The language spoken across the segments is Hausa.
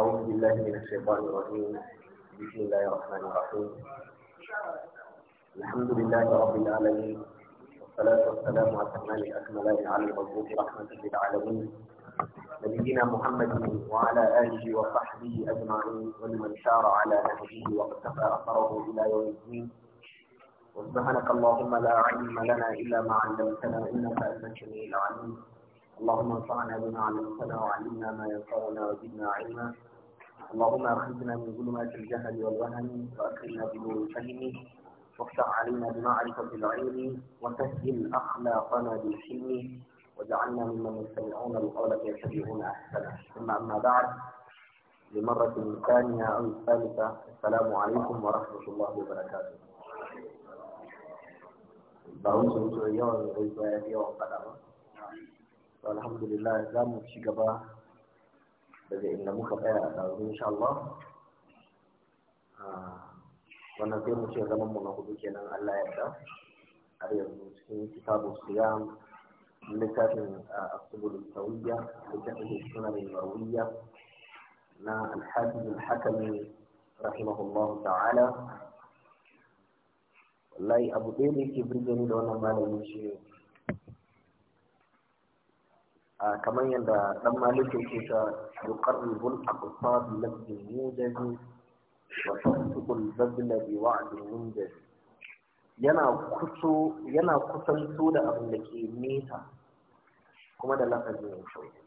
أعوذ بالله من الشيطان الرجيم بسم الله الرحمن الرحيم الحمد لله رب العالمين والصلاة والسلام على الأتمان الأكملين على المبعوث رحمة للعالمين نبينا محمد وعلى آله وصحبه أجمعين ولمن سار على نهجه واقتفى أثره إلى يوم الدين وسبحانك اللهم لا علم لنا إلا ما علمتنا إنك أنت السميع العليم اللهم انفعنا بما علمتنا وعلمنا ما ينفعنا وزدنا علما اللهم أخرجنا من ظلمات الجهل والوهم وأكرمنا بنور الفهم وافتح علينا بمعرفة العلم وسهل أخلاقنا بالحلم وجعلنا ممن يستمعون القول فيتبعون أحسنه ثم أما بعد لمرة ثانية أو الثالثة السلام عليكم ورحمة الله وبركاته baru sun soyayya wani rai baya da alhamdulillah za mu daga inda muka tsaya a ɗazu insha Allah wannan sai mu ce zaman mu na hudu kenan Allah ya yarda har yanzu cikin kitabu siyam littafin asubul sawiyya littafin sunan marwiyya na alhaji alhakami rahimahullahu ta'ala wallahi abu ɗaya da yake birgeni da wannan malami shi kamar yadda dan malik ke ta yuqarribul aqsar ladhi mujazi wa tasdiqul badla bi wa'din yana kuso yana kusanto da abin da ke nesa kuma da lafazin ya shauki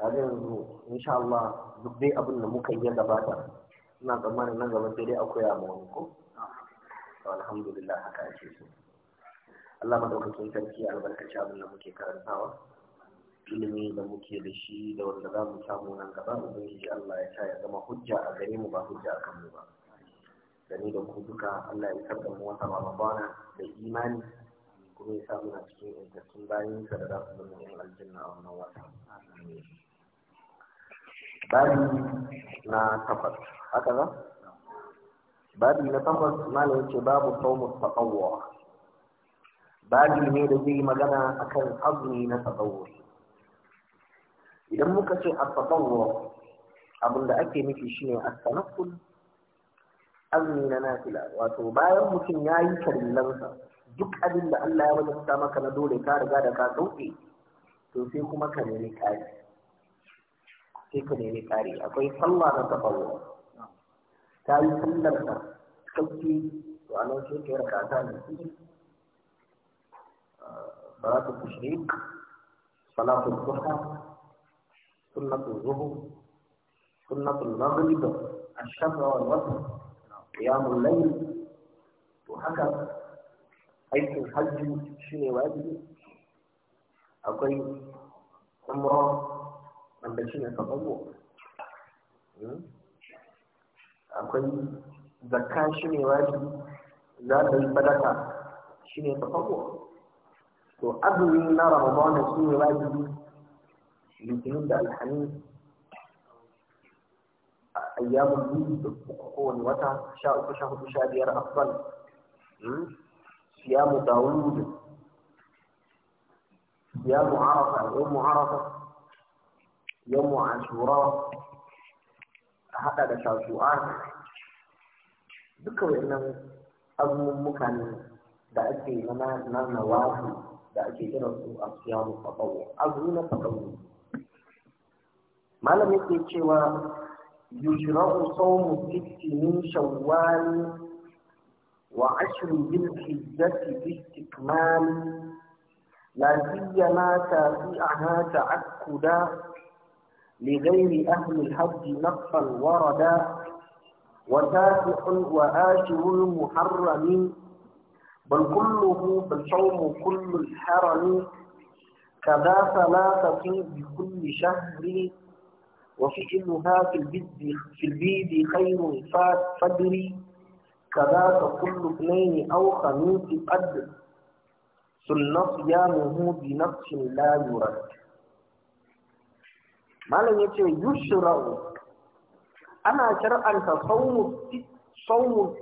kaga yanzu insha Allah duk dai abin da muka yi gabata ina tsammanin nan gaba sai dai akwai a wanko ko alhamdulillah haka ake so Allah madaukakin sarki albarkaci abin da muke karantawa ilimi da muke da shi da wanda za mu samu nan gaba ubangiji Allah ya sa ya zama hujja a gare mu ba hujja a kanmu ba ni da ku duka Allah ya karɓa mu wata ramadana da imani kuma ya samu cikin intattun bayan sa da za su zama yan aljanna a wannan wata babi na takwas haka za babi na takwas malam ce babu saumu taqawwa babi ne da zai magana akan azumi na tsawuri idan muka ce a tsawuri abin da ake nufi ne a tanakul azumi na nafila wato bayan mutum ya yi karillansa duk abin da Allah ya wajabta maka na dole ka riga da ka sauke to sai kuma ka nemi kare sai ka nemi kari akwai sallah na tsawuri ta yi sallarsa ka to a nan sai ka yi rakata ne صلاة التشريق صلاة الضحى سنة الظهر سنة المغرب الشفع والوتر قيام الليل وهكذا aikin hajji shi ne wajibi akwai umra wanda shi ne sababu akwai zakka shi ne wajibi za ta yi shi ne sababu to azumi na ramadana shi ne wajibi litinin da alhamis a ayyamun biyu da uku kowane wata sha uku sha hudu sha biyar afbal siyamu dawud siyamu arafa yawmu arafa yawmu ashura a haɗa da shashu'a duka wa'annan azumin mukane da ake na na na wasu يأتي في أصيام تطوع أظن تطوع ما لم يكن سوى يجرى صوم الست من شوال وعشر ذي الحجة باستكمال لا سيما تابعها تعكدا لغير أهل الحج نقصا وردا وتاسع وآشر المحرم بل كله بل صوم كل الحرم كذا ثلاثة بكل شهر وفعلها في البيد في البيد خير فدري كذاك كل اثنين أو خميس قد سن صيامه بنفس لا يرد ما لم يكن يشرع انا shar'anta صوم صوم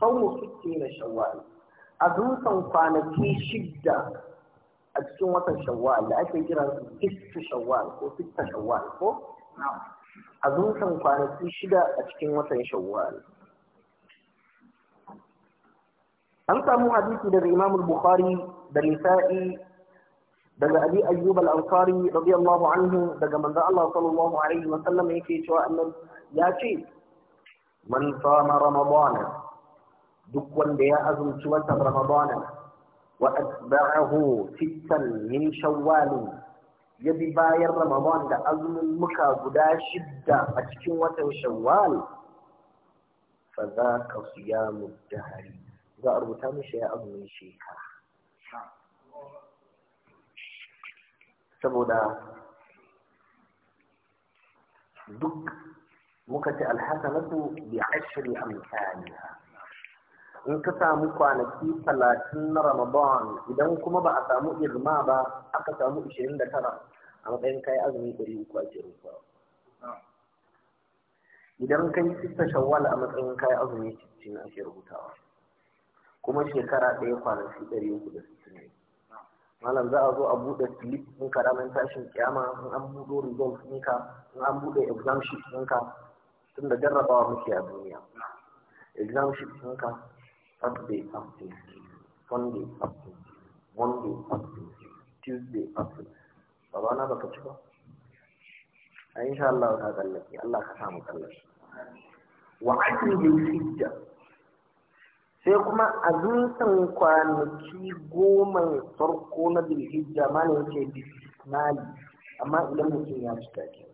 صوم ستين شوال a dutsen kwanaki shidda a cikin watan shawwal da ake kira sittu shawwal ko sitta shawwal ko a dutsen kwanaki shida a cikin watan shawwal an samu hadisi daga imam bukhari da nisa'i daga abi ayyub al-ansari radiyallahu anhu daga manzo Allah sallallahu alaihi wa sallam yake cewa annabi ya ce man sama ramadana duk wanda ya azumci watan ramadana wa atba'ahu sittan min shawwal ya bi bayan ramadan da azumin muka guda shidda a cikin watan shawwal fa za ka siyamu dahari za a rubuta mishi ya azumin shekara saboda duk muka ce alhasanatu bi ashri amsalha in ka samu kwanaki talatin na ramadan idan kuma ba a samu irma ba aka samu ishirin da tara a matsayin kayi azumi ɗari uku a ke rufa idan ka yi sista shawwal a matsayin kayi azumi sittin ake rubutawa kuma shekara ɗaya kwanaki ɗari uku da sittin ne malam za a zo a buɗe slip ka ramin tashin kiyama in an buɗe result ka in an buɗe exam sheet ka tun da jarrabawa muke a duniya exam sheet ka Thursday fasting, Sunday fasting, Monday fasting, Tuesday fasting. Baba na baka ci ba? A ah, insha Allah ka tsallake, Allah ka samu tsallake. Wa ajin bil hijja. Sai kuma a zuntan kwanaki goma farko na bil hijja ma ne yake bisnali, amma idan mutum ya ci take.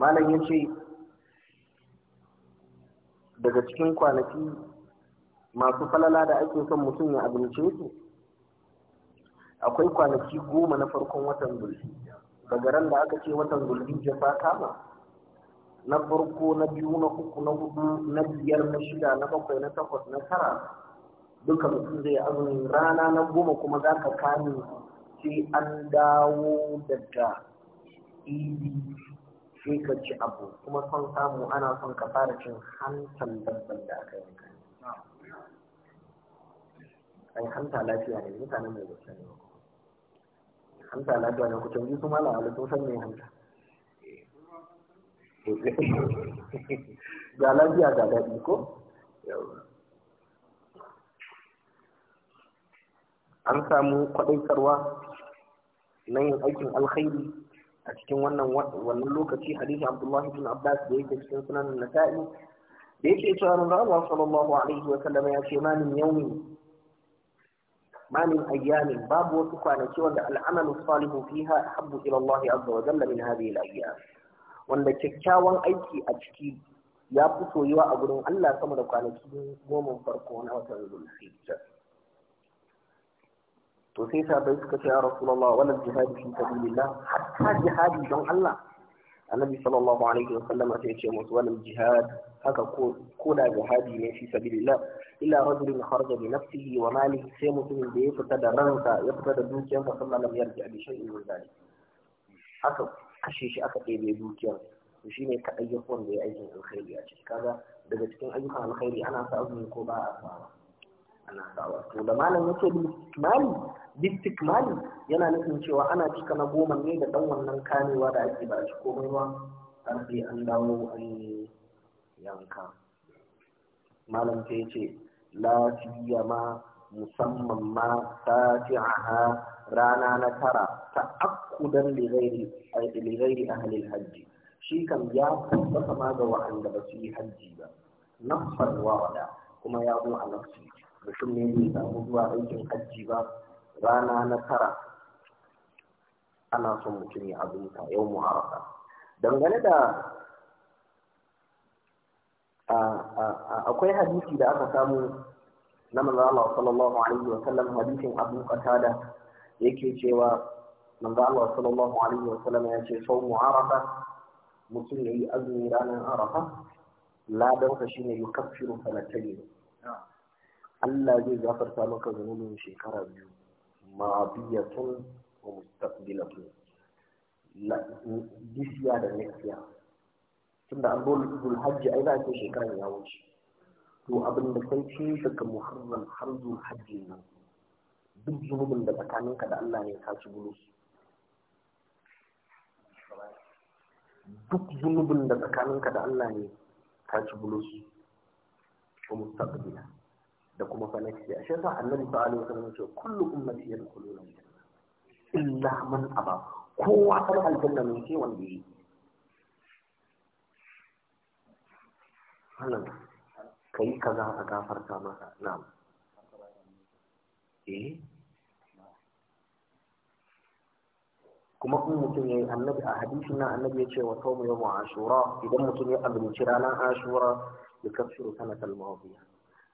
Malam ya ce, daga cikin kwanaki masu falala da ake son mutum ya abince su akwai kwanaki goma na farkon watan zulhijja daga ran da aka ce watan ya fa kama na farko na biyu na uku na hudu na biyar na shida na bakwai na takwas na tara duka mutum zai azumi rana na goma kuma za ka kame sai an dawo daga idi sai ka ci abu kuma son samu ana son ka fara cin hantan dabban da aka yanka ai hanta lafiya ne mutanen mai gaske ne hanta lafiya ne kucin biyu kuma la'ala sun san mai hanta ga lafiya ga daɗi ko an samu kwaɗaitarwa na yin aikin alkhairi a cikin wannan wannan lokaci hadisi Abdullah ibn Abbas da yake cikin sunan Nasa'i da yake cewa ran Allah sallallahu alaihi wa sallam ya ce ma min yawmin ma min ayyamin babu wasu kwanaki wanda al'amalu salihu fiha habbu ila Allah azza wa jalla min hadhihi al-ayyam wanda kyakkyawan aiki a ciki ya fi soyuwa a gurin Allah sama da kwanaki goma farko na watan Zulhijja to sai sahabbai suka ce ya rasulullah wannan jihadi fi sabilillah hatta jihadi don Allah annabi sallallahu alaihi wa sallam sai ya ce musu wannan jihad haka ko ko da jihadi ne fi sabilillah illa rajulun kharaja bi nafsihi wa malihi sai mutumin da ya fita da ransa ya fita da dukiyarsa sallallahu alaihi wa sallam ya shay'in min haka kashe shi aka ɗebe dukiyar to shine kaɗai ya wanda ya aikin alkhairi a cikin kaga daga cikin ayyukan alkhairi ana sa azumi ko ba a samu ana sawa to da malam yake bistikmali bistikmali yana nufin cewa ana cika na goma ne da dan wannan kamewa da ake ba shi komai ba har sai an dawo an yanka malam ta yace la siyama musamman ma sati'aha rana na tara ta akudan lirairi a halin hajji shi kan ya tabbata ma ga wa'anda ba su yi hajji ba nafsar wa'ada kuma ya zo a nafsi mutum ne bai samu zuwa aikin hajji ba rana na tara ana son mutum ya azumta yau mu haraka. dangane da akwai hadisi da aka samu na manzo Allah sallallahu alaihi wa sallam hadisin Abu Qatada yake cewa manzo Allah sallallahu alaihi wa sallam ya ce mu haraka. mutum yayi azumi ranar arafa ladan ka shine yukaffiru sanatayn Allah zai gafarta maka zanenin shekara biyu ma'abiyatun wa mustaqbilatun this year da next year tunda an zo zulhajji ai za a ce shekaran ya wuce to abin da sai ce daga muharram har hajji nan duk zunubin da tsakaninka da Allah ne ka ci bulus duk zunubin da tsakaninka da Allah ne ka ci bulus wa mustaqbilatun da kuma falakiya shi yasa annabi ba alaihi wasallam ce kullu ummati yadkhuluna aljanna illa man aba kowa san aljanna ne sai wanda yi halan kai kaza a gafarta maka na'am eh kuma kun mutum ya annabi a hadisin nan annabi ya ce wa sawmu yawm ashura idan mutum ya azumci ranar ashura ya sanatal mawdiya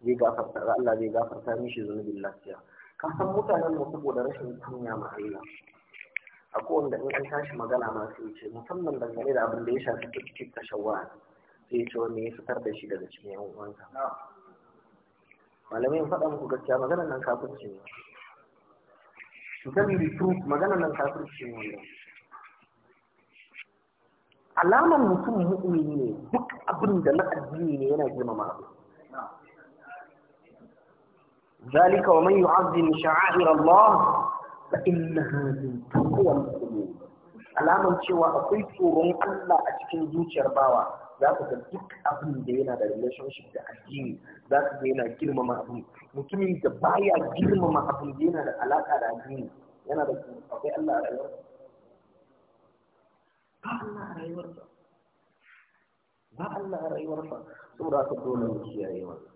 zai gafarta Allah zai gafarta mishi zunubin lafiya ka san mutanen mu saboda rashin kunya ma Allah a kowanne in an tashi magana ma sai ce musamman dangane da abin da ya shafi cikin tashawwa sai ce wani ya fitar da shi daga cikin yan uwansa malamai faɗa muku gaskiya magana nan kafirci ne to tell me the truth magana nan kafirci ne wannan alamar mutum mu'mini ne duk abin da na addini ne yana girmama abin ذلك ومن يعظم شعائر الله فإنها من تقوى القلوب علامة شوى أقول سورون ألا أتكن دوشي أرباوة ذاك تدك أبن دينا دا ريليشن شيب دا أجين ذاك دينا جرم ما أبن مكمل دبايا جرم ما أبن دينا دا علاقة دا أجين ينا دا الله رأيو الله رأيو الله رأيو الله رأيو الله رأيو الله رأيو الله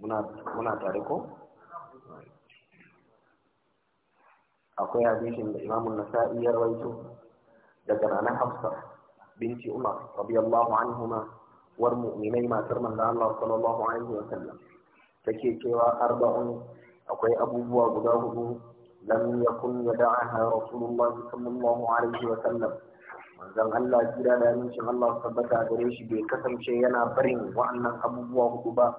muna tare ko akwai hadisin da imamun nasa'i ya rawaito daga ranar hafsa binti umar radiyallahu anhuma war mu'minai matar manzo Allah sallallahu alaihi wa sallam take cewa arba'un akwai abubuwa guda hudu lam yakun yada'aha rasulullah sallallahu alaihi wa sallam manzon Allah jira da amincin Allah tabbata gare shi bai kasance yana barin wa'annan abubuwa hudu ba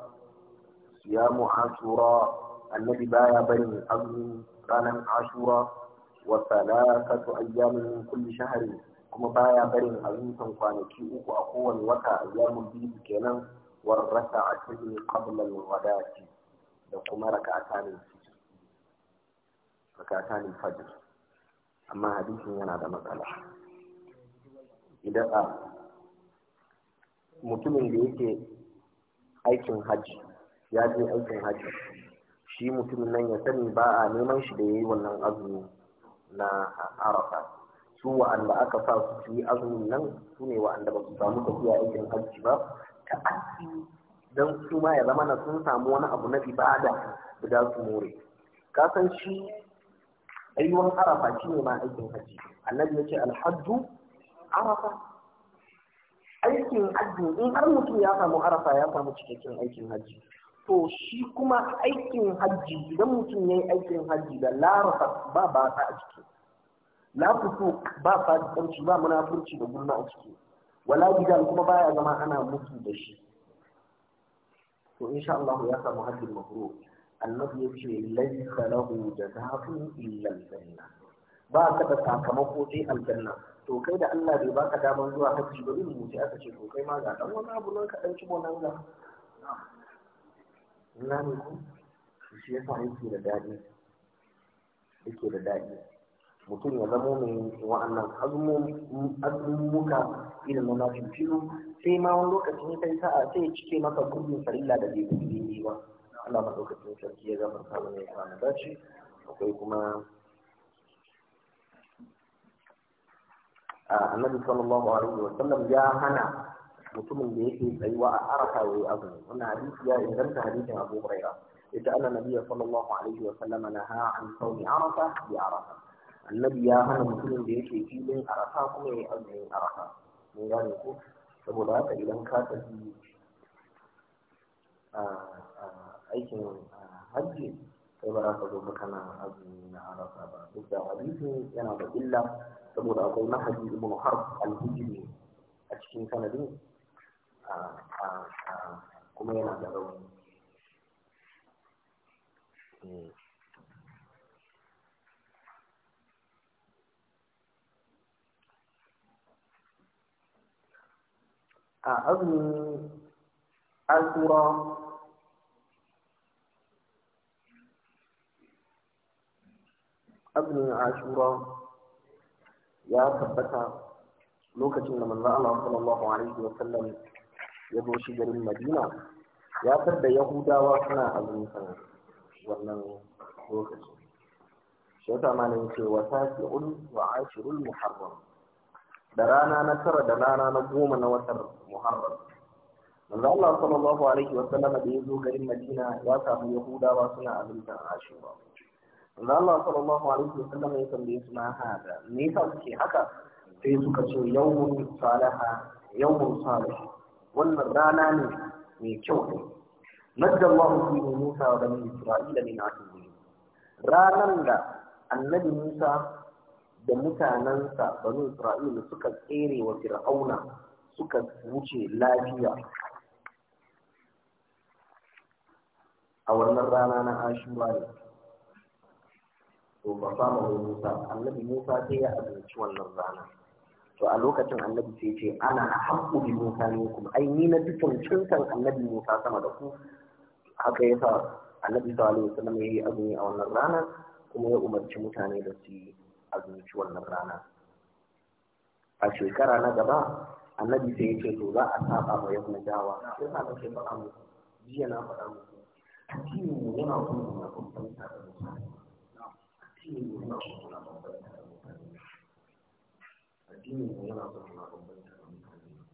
siyamu ashura annabi baya barin azumi ranar ashura wa salatatu ayyamin kulli shahri kuma baya barin azumin kwanaki uku a kowane wata ayyamin biyu kenan wa raka'atayn qabla al-ghadati da kuma raka'atayn fajr amma hadisin yana da matsala idan mutumin da yake aikin hajji ya je aikin hajji shi mutumin nan ya sani ba a neman shi da ya yi wannan azumi na arafa su wa'anda aka sa su yi azumin nan su ne wa'anda ba su samu tafiya aikin hajji ba ta aiki don su ma ya zama na sun samu wani abu na ibada da za su more ka san shi ayyukan arafa shi ne ma aikin hajji annabi ya ce alhajju arafa aikin hajji in har mutum ya samu arafa ya samu cikakken aikin hajji to shi kuma aikin hajji idan mutum ya yi aikin hajji da larafa ba ba ta a ciki lafusu ba fasikanci ba munafurci da gulma a ciki wala gidan kuma baya zama ana mutu da shi to insha Allah ya samu hajjin mafru annabi ya ce lahu da illa al-janna ba ka da sakamako sai aljanna to kai da Allah bai baka daman zuwa hajji ba in mutu aka ce to kai ma ga dan wani abu nan ka dan ci bonan gane ku shi yasa yake da daɗi yake da daɗi mutum ya zamo mai wa'annan azummuka irin na filu sai ma wani lokacin kai sa'a sai ya cike maka gurbin farilla da bai gurbin yi ba Allah ma lokacin sarki ya zama samun ya samu dace akwai kuma annabi sallallahu alaihi wa sallam ya hana mutumin da yake tsayuwa a arafa yayi azumi wannan hadisi ya inganta hadisin Abu huraira ita anna nabiyya sallallahu alaihi wa sallam naha an sawmi arafa bi arafa annabi ya hana mutumin da yake filin arafa kuma yayi azumin arafa mun gane ko saboda haka idan ka tafi aikin hajji kai ba za ka zo maka na azumi na arafa ba duk da hadisin yana da illa saboda akwai nahadi ibnu harb al-hijri a cikin sanadin kuma yana da rauni a azumi an tura azumin ashura ya tabbata lokacin da manzo Allah sallallahu alaihi wa sallam ya zo shi garin madina ya da yahudawa suna azumin wannan lokaci shi yasa ma ne ce wa wa ashirul muharram da rana na tara da rana na goma na watan muharram manzo Allah sallallahu alaihi wa sallam da yazo garin Madina ya samu yahudawa suna azumtar ashura manzo Allah sallallahu alaihi wa sallam ya tambaye su ma hada me yasa suke haka sai suka ce yawmun salaha yawmun salih wannan rana ne mai kyau ne madda Allah fi Musa wa bani Isra'ila min aduwwi ranan da annabi Musa da mutanensa bani Isra'ila suka tsere wa Fir'auna suka wuce lafiya a wannan rana na Ashura ne to ba samu Musa annabi Musa sai ya abinci wannan rana to a lokacin annabi sai ce ana haqqu bi Musa ku ai ni na dukkan cinkan annabi Musa sama da ku haka ya sa annabi sallallahu alaihi wasallam yayi azumi a wannan rana kuma ya umarci mutane da su yi azumci wannan rana a shekara na gaba annabi sai ce to za a saba ma yahudawa sai sa nake faɗa mu jiya na faɗa muku mu yana kuma kuma kuma kuma kuma kuma kuma kuma kuma kuma kuma addinin mu yana son muna bambanta da mutane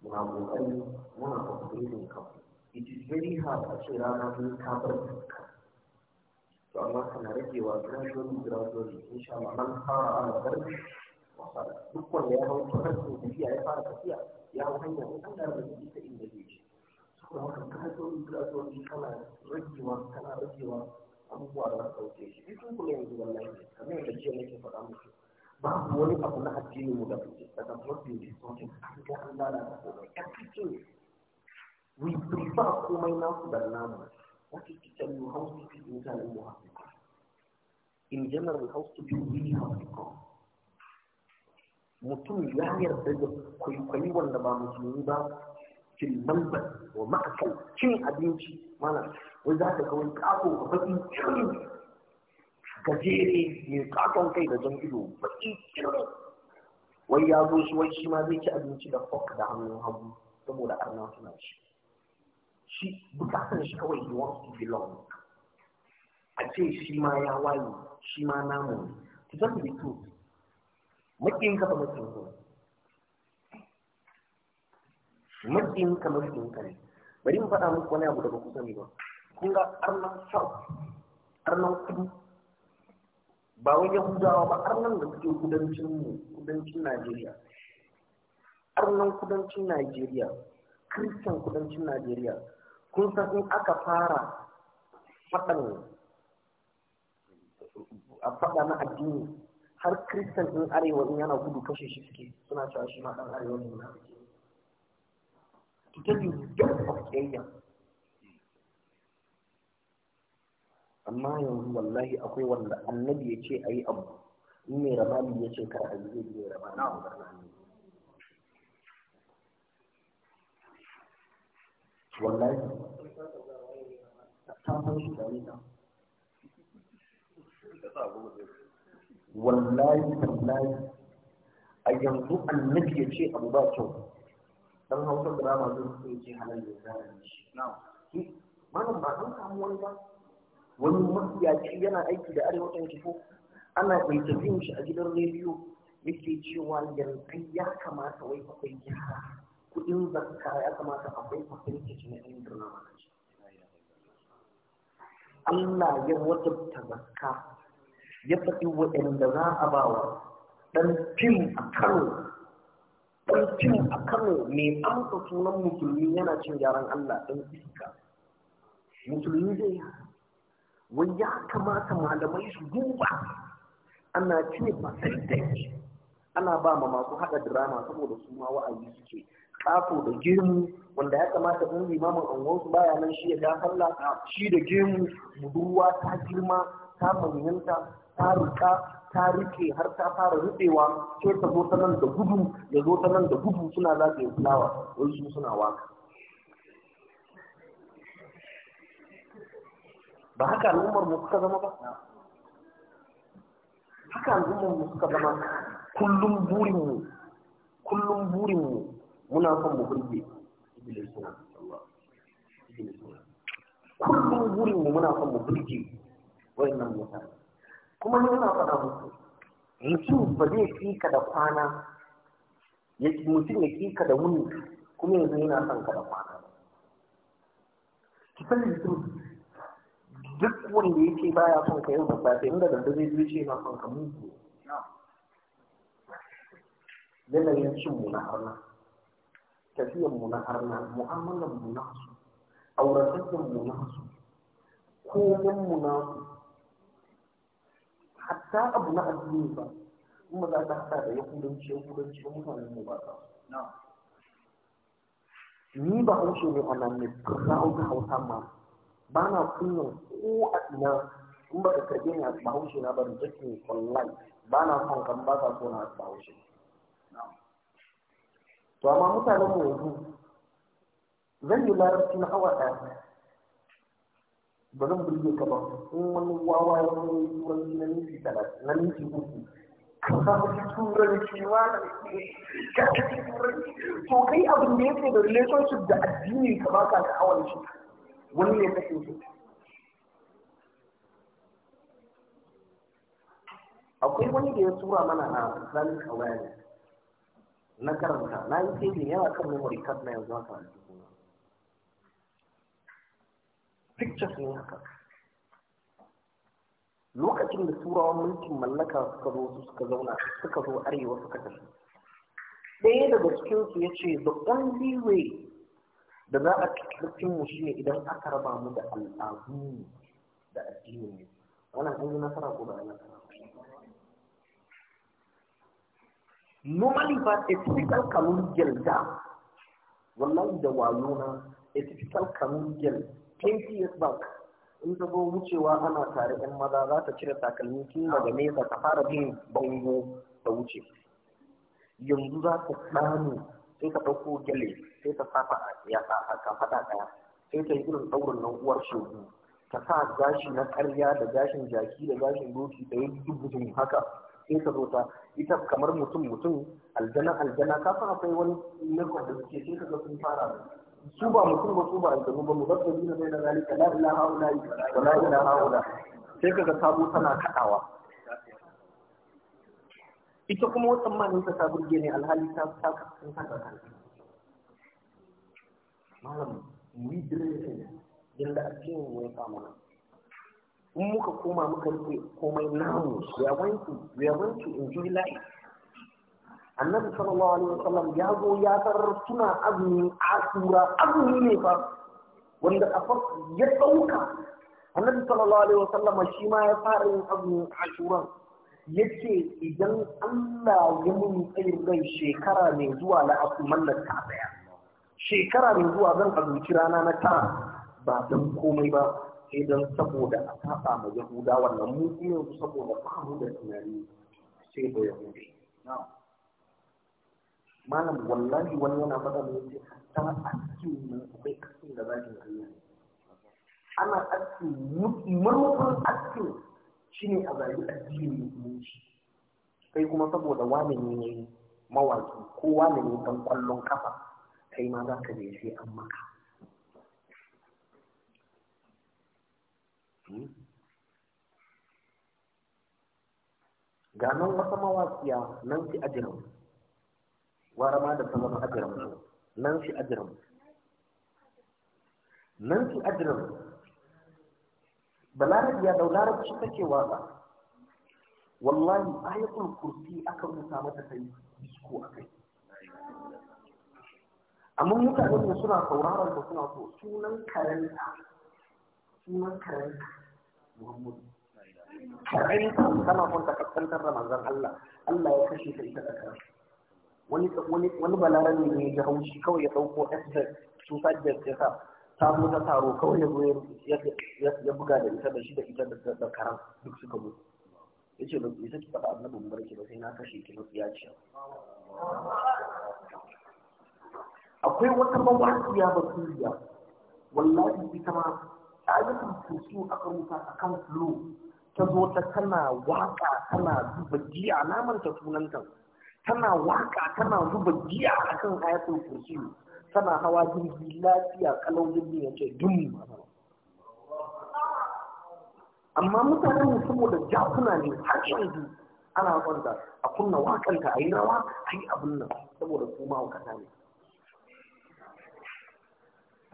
muna kokari muna upgrading kanmu it is very hard a ce rana sun kabar da ka to amma kana ragewa gradually gradually sha Allah man fara ana barbi wasa duk wanda ya hau farko tafiya ya fara tafiya ya hau hanya ne an gara da shi ta inda zai je saboda haka gradually gradually kana ragewa kana ragewa abubuwa da za su dauke shi duk kuma yanzu ne, kamar yadda jiya nake faɗa musu babu wani abu na addini mu da kuke daga mafi da sauƙin an ga an lalata komai everything we prefer komai su da namu what is to tell you how to feed mutanen mu have become in general how to be really have become mutum ya yarda da kwaikwayi wanda ba musulmi ba cin malbar wa ma'akal cin abinci mana wai za ka kawai wani kafo a bakin cikin gajere ne katon kai da jan ido baki kirin wai ya zo shi wai shi ma zai ci abinci da fok da hannun hagu saboda arna suna shi shi bukatar shi kawai he wants to belong a ce shi ma ya waye shi ma namu ne to just be true makin ka ba. makin ka makin ka makin ka ne bari mu faɗa muku wani abu da ba ku sani ba kun ga arnan sau, arnan kudu ba wani yahudawa ba har nan da suke kudancin kudancin najeriya har nan kudancin najeriya kristan kudancin najeriya kun san in aka fara faɗan faɗa na addini har kristan in arewa in yana gudu kashe shi suke suna cewa shi ma ɗan arewa ne na suke yi duk of amma yanzu wallahi akwai wanda annabi ya ce a yi abu in mai ramani ya ce kar a yi zai mai ramani a abu. annabi wallahi ta san shi da ita wallahi wallahi a yanzu annabi ya ce abu ba kyau dan hausa da rama zai ce halal ya zara shi malam ba an samu wani ba wani mafiyaci yana aiki da arewa ɗan kifo ana intabin shi a gidan rediyo yake cewa yanzu ya kamata wai akwai gyara kuɗin zakka ya kamata ta ce na yin girma Allah ya wajabta zakka ya faɗi waɗanda za a ba wa ɗan fim a Kano ɗan fim a Kano mai amsa sunan musulmi yana cin gyaran Allah ɗan iska musulmi zai wai ya kamata malamai su duba ana ce percentage ana ba ma masu haɗa drama saboda su ma wa'azi suke kafo da girmu wanda ya kamata in limamin su baya nan shi ya gafalla shi da girmu budurwa ta girma ta manyanta ta rika ta rike har ta fara rubewa sai ta zo ta nan da gudu ya zo ta nan da gudu suna yi fulawa wai su suna waka ba haka al'ummar mu suka zama ba haka al'ummar mu suka zama kullum burin mu kullum burin mu muna son mu burge kullum burin mu muna son mu burge wayannan mutane kuma ni muna faɗa musu, mutum ba zai kika da kwana mutum ya kika da wuni kuma yanzu yana son ka da kwana ki san duk wanda yake baya son ka yau da safe inda da zai zuce na son ka mutu yanayin cin mu na harna tafiyan mu na harna mu'amalan mu na su auratattun mu na su komen mu na su hatta abu na addini ba kuma za ta hada da yahudanci yahudanci mutane mu ba ta ni ba haushe ne a nan ne ba za a hausa ma ba na kunyan ko a ina in ba ka karbe ni a bahaushe na ba reject me wallahi ba na son kan ba ka so na a bahaushe to amma mutanen mu yanzu zan yi larabci na awa ɗaya ba zan burge ka ba in wani wawa ya wani wani na minti talatin na minti uku ka samu turanci ma da ka turanci to kai abin da yake da relationship da addini ka baka da awal shi wani ne kashe shi akwai wani da ya tura mana a islamic awareness na karanta na yi saving yawa kan memory card na yanzu haka aljihuna pictures ne haka lokacin da turawan mulkin mallaka suka zo su suka zauna suka zo arewa suka tafi ɗaya daga cikinsu ya ce the only way da za a cikin mu shi ne idan aka raba mu da al'adu da addini ne wannan an yi nasara ko ba nasara normally ba a typical kanun gelda wallahi da wayo na a typical kanun gel 20 years back in ta zo wucewa ana tare yan maza za ta cire takalmi tun daga nesa ta fara bin bango ta wuce yanzu za ta tsani sai ka ɗauko gyale sai ka safa a yasa a faɗa ɗaya sai ka yi irin ɗaurin nan uwar shegu ka sa gashi na ƙarya da gashin jaki da gashin doki da yin dubutun haka sai ka zo ta ita kamar mutum mutum aljana aljana ka san akwai wani lakon da suke sai ka ga sun fara su ba mutum ba su ba aljanu ba mu ba su na zalika la ilaha illa wa la ilaha illa sai ka ga sabo tana kaɗawa ita kuma wata maninsa ta burge ne alhali ta ta sun saka kanta malam ne, drilling yadda a cikin wani samuna in muka koma muka rufe komai namu we are going to we are going to enjoy life annabi sallallahu alaihi wasallam ya zo ya tarar suna azumi asura azumi ne fa wanda a ya dauka annabi sallallahu alaihi wasallam shi ma ya fara yin azumin asura ya ce idan Allah ya mun tsayin rai shekara mai zuwa na mallar ta daya shekara mai zuwa zan azuci rana na tara ba don komai ba sai don saboda a saba ma Yahuda wannan mu kuma yanzu saboda bamu da tunani sai da Yahudi malam wallahi wani yana faɗa mai yace ta cikin nan akwai aski da zaki Allah ana aski manufar aski shine a zagi addinin musulunci kai kuma saboda wani ne mawaki ko wani ne dan kwallon kafa kai ma za ka je sai an maka hmm? ganin nan wata mawaƙiya nan fi ajiram wara ma da sanar ajiram nan fi ajiram nan fi ajiram بلارد يا دولارد شتك واضح والله آية الكرسي أكبر نسامة تسعي بسكو أكي أما يوكا أدن نسونا فورارا لبسونا فو سونا كرنة سونا كرنة محمد كرنة كما كنت قد تنتر الله الله يكشي في إتتكار وني وني وني كوي يتوقو أسدك سوفاجر كثاب ta zo ta taro kawai ya zo ya buga da ita da shi da ita da karam duk suka zo ya ce ban faɗa annabi mu barke ba sai na kashe ki na tsiyaci akwai wata mawaƙiya basiriya wallahi ita ma ayyukan kursu aka a akan flu ta zo ta tana waka tana zuba giya na manta sunanta tana waka tana zuba giya akan ayatul kursi tana hawa jirgi lafiya kalau jirgi ya ce dum amma mutanen mu saboda jakuna ne har yanzu ana kwanta a kunna wakanta a yi rawa a yi abin nan saboda su ma'aukata ne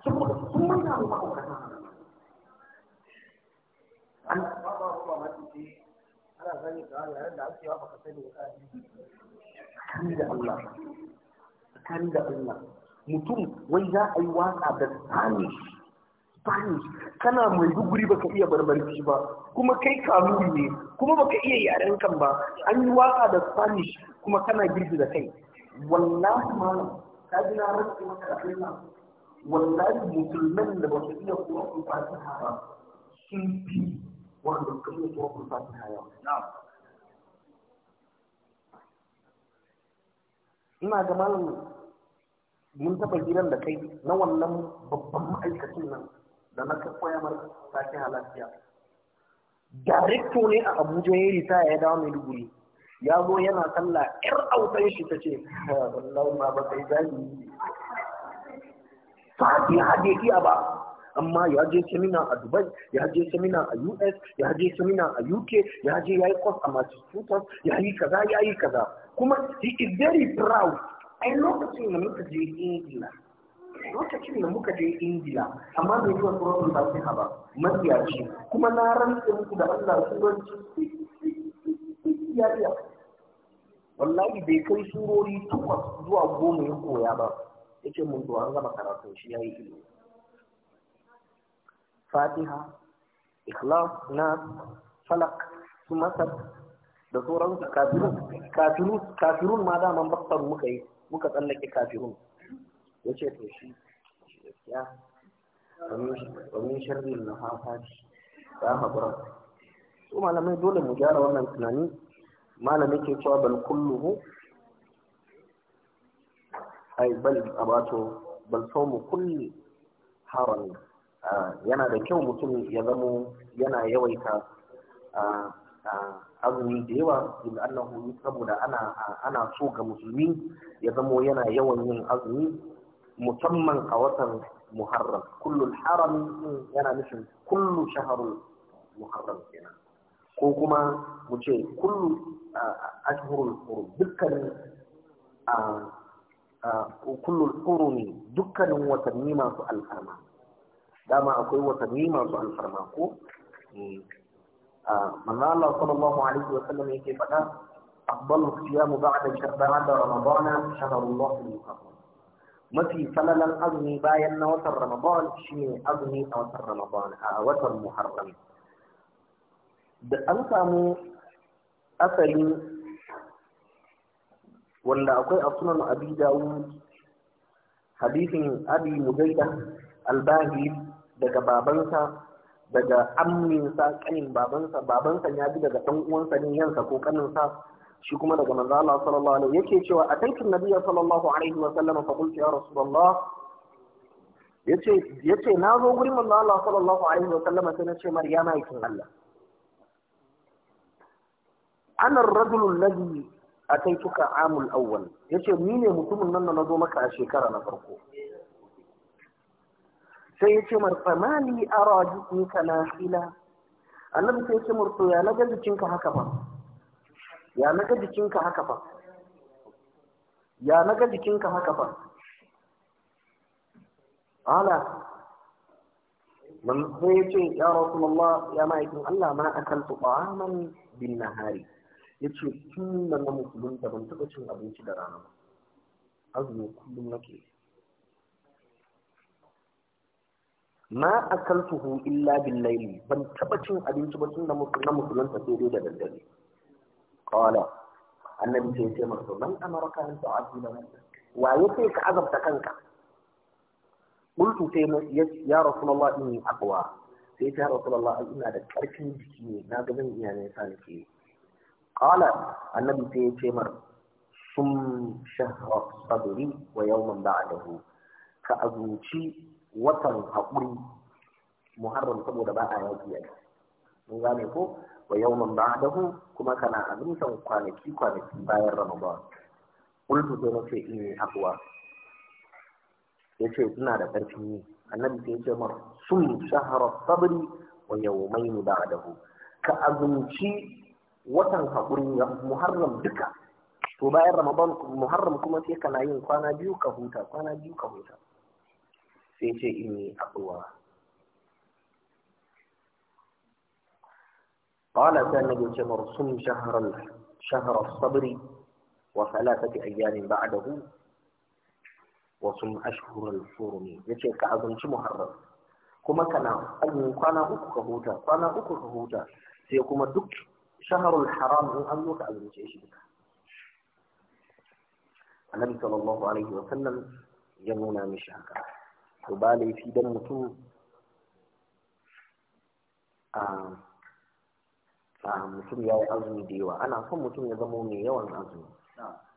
saboda su manta ma'aukata ne an ana sani ga yayin da ake wa baka sani da Allah tsakani da Allah mutum wai za a yi waka da spanish spanish kana mai duguri baka iya barbarci ba kuma kai kanuri ne kuma baka iya yaren kan ba an yi waka da spanish kuma kana girgi da kai wallahi malam ka ji na rantsi maka da Allah wallahi musulman da ba su iya kuma su fatiha ba sun fi wanda suka iya kuma su fatiha haya. ina ga malamin. mun taɓa jiran da kai na wannan babban ma'aikacin nan da na ka koya mar sake halafiya. darekto ne a abuja ya ritaya ya dawo maiduguri ya zo yana sallah yar autan shi ta ce wallahi ma ba kai zani fatiha haɗe iya ba amma ya je semina a Dubai, ya je semina a US, ya je semina a UK, ya je ya yi kwas a Massachusetts, ya yi kaza, ya yi kaza. Kuma he is very proud ai lokacin da muka je ingila lokacin da muka je ingila amma bai zuwa suratul fatiha ba matsiyaci kuma na rantse muku da Allah suranci yaya. iya wallahi bai kai surori takwas zuwa goma ya koya ba ce mun zuwa an gama karatun shi yi ilo fatiha ikhlas na falak su masar da sauransu kafirun kafirun ma man bakkar muka yi muka tsallake kafirun ya ce to shi ya domin sharrin na shi ta haƙura su malamai dole mu gyara wannan tunani malamai ke cewa bal kulluhu ai bal abato bal mu kulli haram ah, yana da kyau mutum ya zamo yana yawaita ah, azumi da yawa in annahu saboda ana ana so ga musulmi ya zamo yana yawan yin azumi musamman a watan muharram kullul haram yana nufin kullu shaharul muharram kenan ko kuma mu ce kullu ashhurul hurum dukkanin kullul hurumi dukkanin watanni masu alfarma dama akwai watanni masu alfarma ko hmm. Ah, manzo Allah sallallahu alaihi wa sallam yake faɗa afdalu siyam ba'da ba'da ramadana shahrullah al-muharram mafi falalan azumi bayan na watan ramadan shine azumi a watan ramadan a watan muharram da an samu asali wanda akwai a sunan abi dawud hadisin abi mujaida al daga babansa daga amminsa kanin babansa babansa ya bi daga dan uwansa ne yansa ko kaninsa shi kuma daga manzo Allah sallallahu alaihi yake cewa a ataitu nabiyya sallallahu alaihi wa sallam fa qultu ya rasulullah yace yace na zo gurin manzo Allah sallallahu alaihi wa sallam sai na ce maryama yakin Allah ana ar-rajul alladhi ataituka amul awwal yace ni ne mutumin nan da zo maka a shekara na farko sai ya ce marfa mali ara jikinka na fila annabi sai ya ce marfa ya naga jikinka haka ba ya naga jikinka haka ba ya naga jikinka haka ba ala man sai ya ce ya rasulullah ya ma'aikin Allah ma akaltu ta'aman bin nahari ce tun da na musulunta ban taɓa cin abinci da rana ba azumi kullum nake ma akaltuhu illa billaili ban taba cin abinci ba tunda na musulunta sai dai da daddare qala annabi sai ce masa man amaraka an tu'azzila wa sai ka azabta kanka qultu sai ya rasulullah inni aqwa sai ta rasulullah ina da karfin jiki ne na ga zan iya ne sa nake qala annabi sai ya ce mar sum shahra sadri wa yawman ba'dahu ka azuci watan haƙuri muharram saboda ba a yaƙi yaƙi mun gane ko wa yawman ba'dahu kuma kana amintan kwanaki kwanaki bayan ramadan qultu sai nace in Ya yace ina da ƙarfin yi annabi sai ce mar sun shahara sabri wa yawmayn ba'dahu ka azumci watan haƙuri muharram duka to bayan ramadan muharram kuma sai kana yin kwana biyu ka huta kwana biyu ka huta sai ce inni aqwa qala sai annabi ce marsum shahran shahra sabri wa thalathati ayyamin ba'dahu wa sum ashhur al-furmi yace ka azumci muharram kuma kana azumin kwana uku ka huta kwana uku ka huta sai kuma duk shaharul haram in an zo ka azumce shi duka annabi sallallahu alaihi wa sallam ya nuna mishi haka to ba laifi don mutum a mutum ya yi azumi da yawa ana son mutum ya zama mai yawan azumi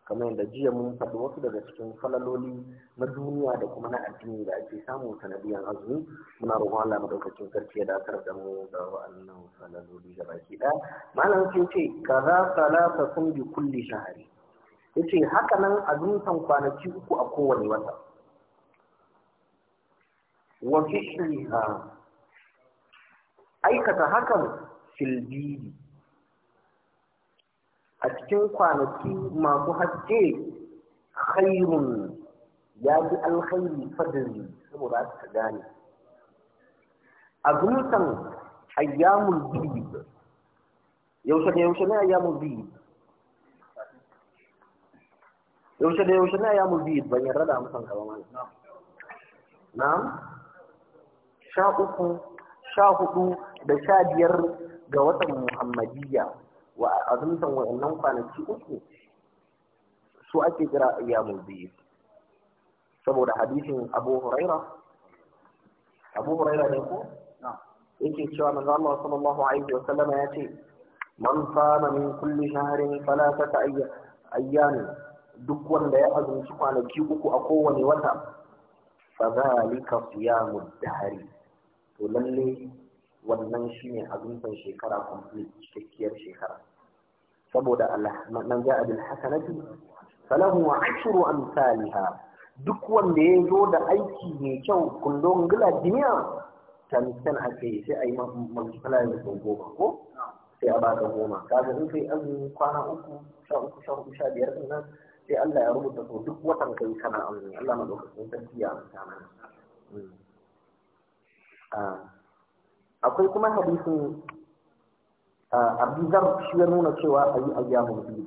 kamar yadda jiya mun faɗi wasu daga cikin falaloli na duniya da kuma na addini da ake samun sanadiyar azumi muna roƙon Allah madaukakin sarki ya dakar da mu da wa'annan falaloli da baki ɗaya malam sun ce kaza salata sun bi kulli shahari ce hakanan nan azumtan kwanaki uku a kowane wata wa fi'liha aikata hakan filbidi a cikin kwanaki masu haske khairun ya fi alkhairi fadari saboda aka gane A azumtan ayyamun biyu. yaushe da yaushe ne ayyamun biyu? yaushe da yaushe ne ayyamun biyu ban yarda da amsan ka ba na'am sha uku sha hudu da sha biyar ga watan muhammadiyya wa azumtan wayannan kwanaki uku su ake kira ayyamul biyu saboda hadisin abu huraira abu huraira ne ko yake cewa manzo Allah sallallahu alaihi wa sallama ya ce man sama min kulli shahrin salatata ayyam duk wanda ya azumci kwanaki uku a kowane wata fa zalika siyamud dahari to lalle wannan shi ne azumtan shekara complete cikakkiyar shekara saboda Allah man ja'a bil hasanati falahu ashru amsalha duk wanda ya zo da aiki mai kyau kullon gila duniya tamisan ake sai a yi multiplier da sau goma ko sai a ba ka goma kaga in kai an kwana uku sha uku sha uku sha biyar din nan sai Allah ya rubuta to duk watan kai kana azumi Allah madaukakin sarki ya amsa mana hmm. Ah. akwai kuma hadisin ah, abdizar shi ya nuna cewa a yi ayyamun biyu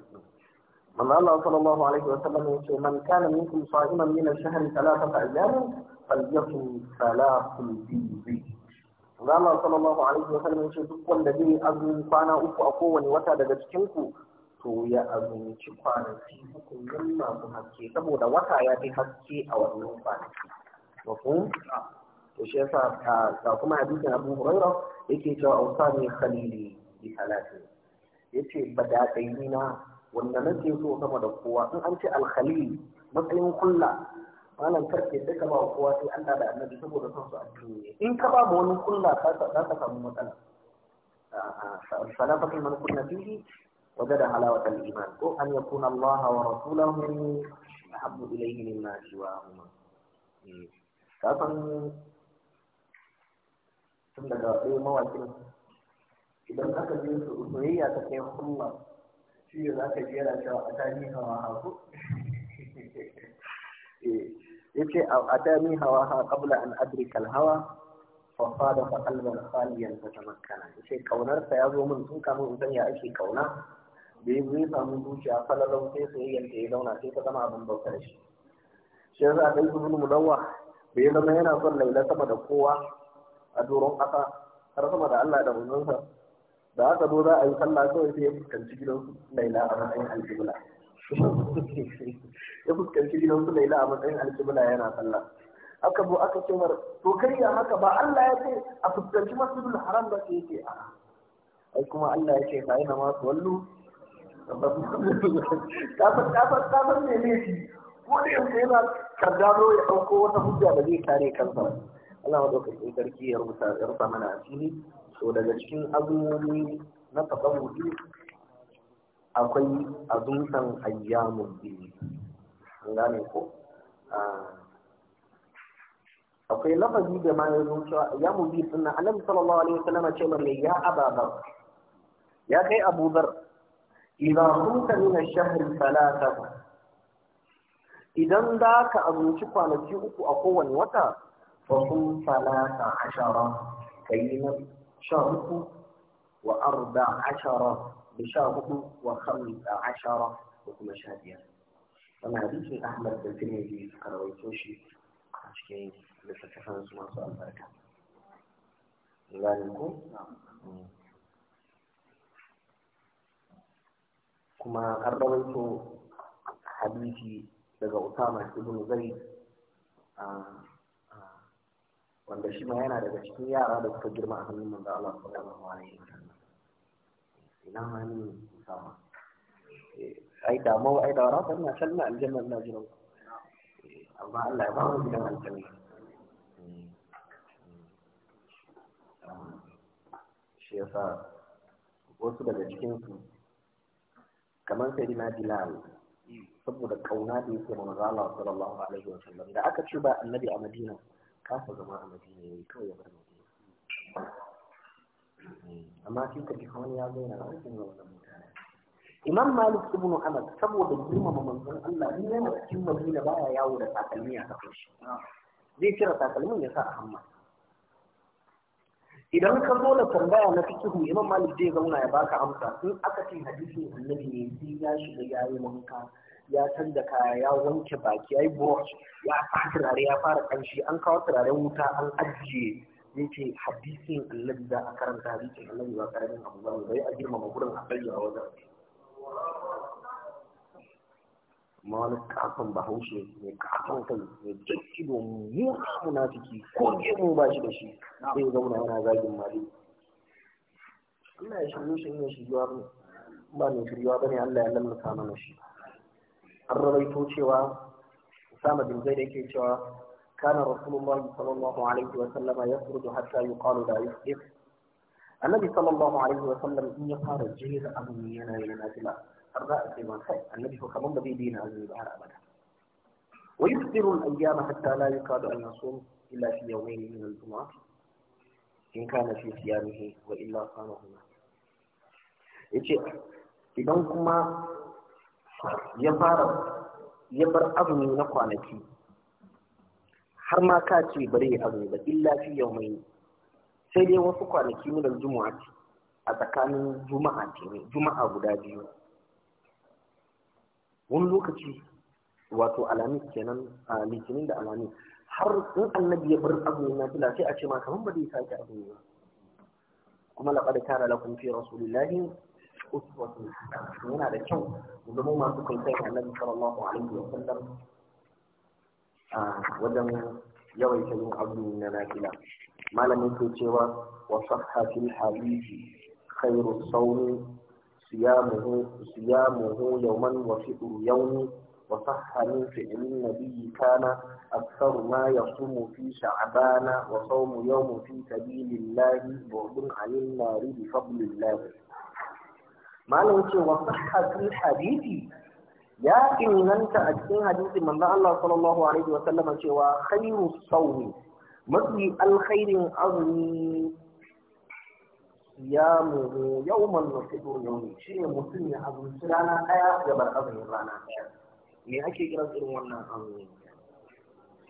manzo Allah sallallahu alaihi wa sallam ya ce man kana minkum sa'iman min ash-shahri thalathata ayyamin falyakun salatul biyu manzo Allah sallallahu alaihi wa sallam ya ce duk wanda zai azumi kwana uku a kowane wata daga cikin ku to ya azumci kwanaki hukumin masu haske saboda wata ya fi haske a wannan kwanaki mafhum ah. to shi yasa ka kuma hadisin Abu Hurairah yake cewa awsani khalili bi salati yace ba da tsayi na wanda nake so sama da kowa in an ce al-khalil matsayin kulla malam karke da ba kowa sai Allah da Annabi saboda son su addini in ka ba mu wani kulla za ka samu matsala salafatu man kunna fihi وجد حلاوة الإيمان أو أن يكون الله ورسوله أحب إليه مما سواهما. tun daga ɗaya mawakin idan aka je su soyayya ta kai hulla shi ne za ka ji yana cewa a tani hawa haku eh, ya ce a tani hawa ha kabla an adrika alhawa fada da kalmar khaliyan ta tamakkana ya ce kaunarsa ya zo min tun kamun in ake kauna da ya zai samu zuciya falalau sai soyayyar ta ya zauna sai ta zama abin bautar shi shi yasa ɗan su mu mudawwa bai zama yana son laila sama da kowa a doron ƙasa har sama da Allah da wuzansa da aka zo za a yi sallah kawai sai ya fuskanci gidansu laila a matsayin alƙibla ya fuskanci gidansu laila a matsayin alƙibla yana sallah aka zo aka ce mar to kai ya haka ba Allah ya ce a fuskanci masjidul haram ba sai yake a ai kuma Allah ya ce ka ina ma su wallu kafin kafin kafin ne ne shi ko da yanzu yana kaddaro ya ɗauko wata hujja da zai kare kansa Allah madaukakin sarki ya rubuta ya rufa mana asiri to daga cikin azumi na taqawudi akwai azumtan ayyamun biyu an gane ko ah, akwai lafazi da ma ya zo cewa ayyamun biyu sunna annabi sallallahu alaihi wasallam ce mai ya ababa ya kai abubar idan kunta min ash-shahr thalatha idan da ka abinci kwanaki uku a kowane wata فقل ثلاث عشر كلمة شهر وأربع عشر بشهر وخمس عشر وكما شهدية فما حديث أحمد بن في ترمذي كرويتوشي أشكي لتكفن سمع سؤال بركة ذلكم كما أردت حديثي لدى أسامة بن زيد آه wanda shi ma yana daga cikin yara da suka girma a hannun manzo Allah sallallahu alaihi wasallam ina ma ni sama ai da mu ai da rafa ina sallah aljanna ina jiran amma Allah ya ba mu gidan aljanna shi yasa wasu daga cikin su kamar sai na Bilal saboda kauna da yake manzo Allah sallallahu alaihi wasallam da aka ce ba annabi a Madina kasa zama a madina ya yi kawai ya bar madina eh, amma sai ka wani ya mutane imam malik ibn anas saboda girmama manzon Allah in yana cikin madina baya yawo da takalmi a kafin shi zai cire takalmin ya sa a hamma idan ka zo da tambaya na fikihu imam malik zai zauna ya baka amsa in aka ce hadisin annabi ne sai ya shiga yayi wanka ya san da kaya ya wanke baki ya yi brush ya fara turare ya fara ƙanshi an kawo turaren wuta an ajiye zai ce hadisin annabi za a karanta hadisin annabi ba karamin abu ba ne a girmama gurin a bayyana wajen amma wani kafin bahaushe mai kafin kai mai jakkido mu munafiki ko gemu ba shi da shi zai zauna yana zagin mali Allah ya shirye shi ne shiryawa ne ba ne shiryawa bane Allah ya lallaka mana shi الرويتو شوا أسامة بن زيد شوا كان رسول الله صلى الله عليه وسلم يخرج حتى يقال لا يخرج النبي صلى الله عليه وسلم إن يقال الجير أبو مينا إلى نازلة الرأس خير النبي هو كمان بدي دينا أبدا ويفطر الأيام حتى لا يكاد أن يصوم إلا في يومين من الجمعة إن كان في صيامه وإلا صامهما. يجي إذا كما ya fara ya bar azumi na kwanaki har ma ka ce bari ya azumi ba illa fi mai, sai dai wasu kwanaki na juma'a a tsakanin juma'a ce juma'a guda biyu wani lokaci wato alamis kenan a litinin da alamis har in annabi ya bar azumi na fila sai a ce ma kaman ba zai sake azumi ba kuma da kana lakum fi rasulullahi uswatun yana da kyau mu zama masu kwaikwayon annabi sallallahu alaihi wa sallam wajen yawaita yin abu na nafila malamin ke cewa wa sahha fil hadisi khairu sawmi siyamuhu siyamuhu yawman wa fitru yawmi wa sahha min fi'lin nabiyyi kana أكثر ما يصوم في شعبان وصوم يوم في سبيل الله بعد عن النار بفضل الله malam ce wa sahhatul hadisi ya inganta a cikin hadisi manzo Allah sallallahu alaihi wa sallam cewa khayru sawmi mafi alkhairin azumi ya mu yawman nasibu yawmi ne mutum ya azumci rana daya ya bar azumin rana daya me ake kiran irin wannan azumi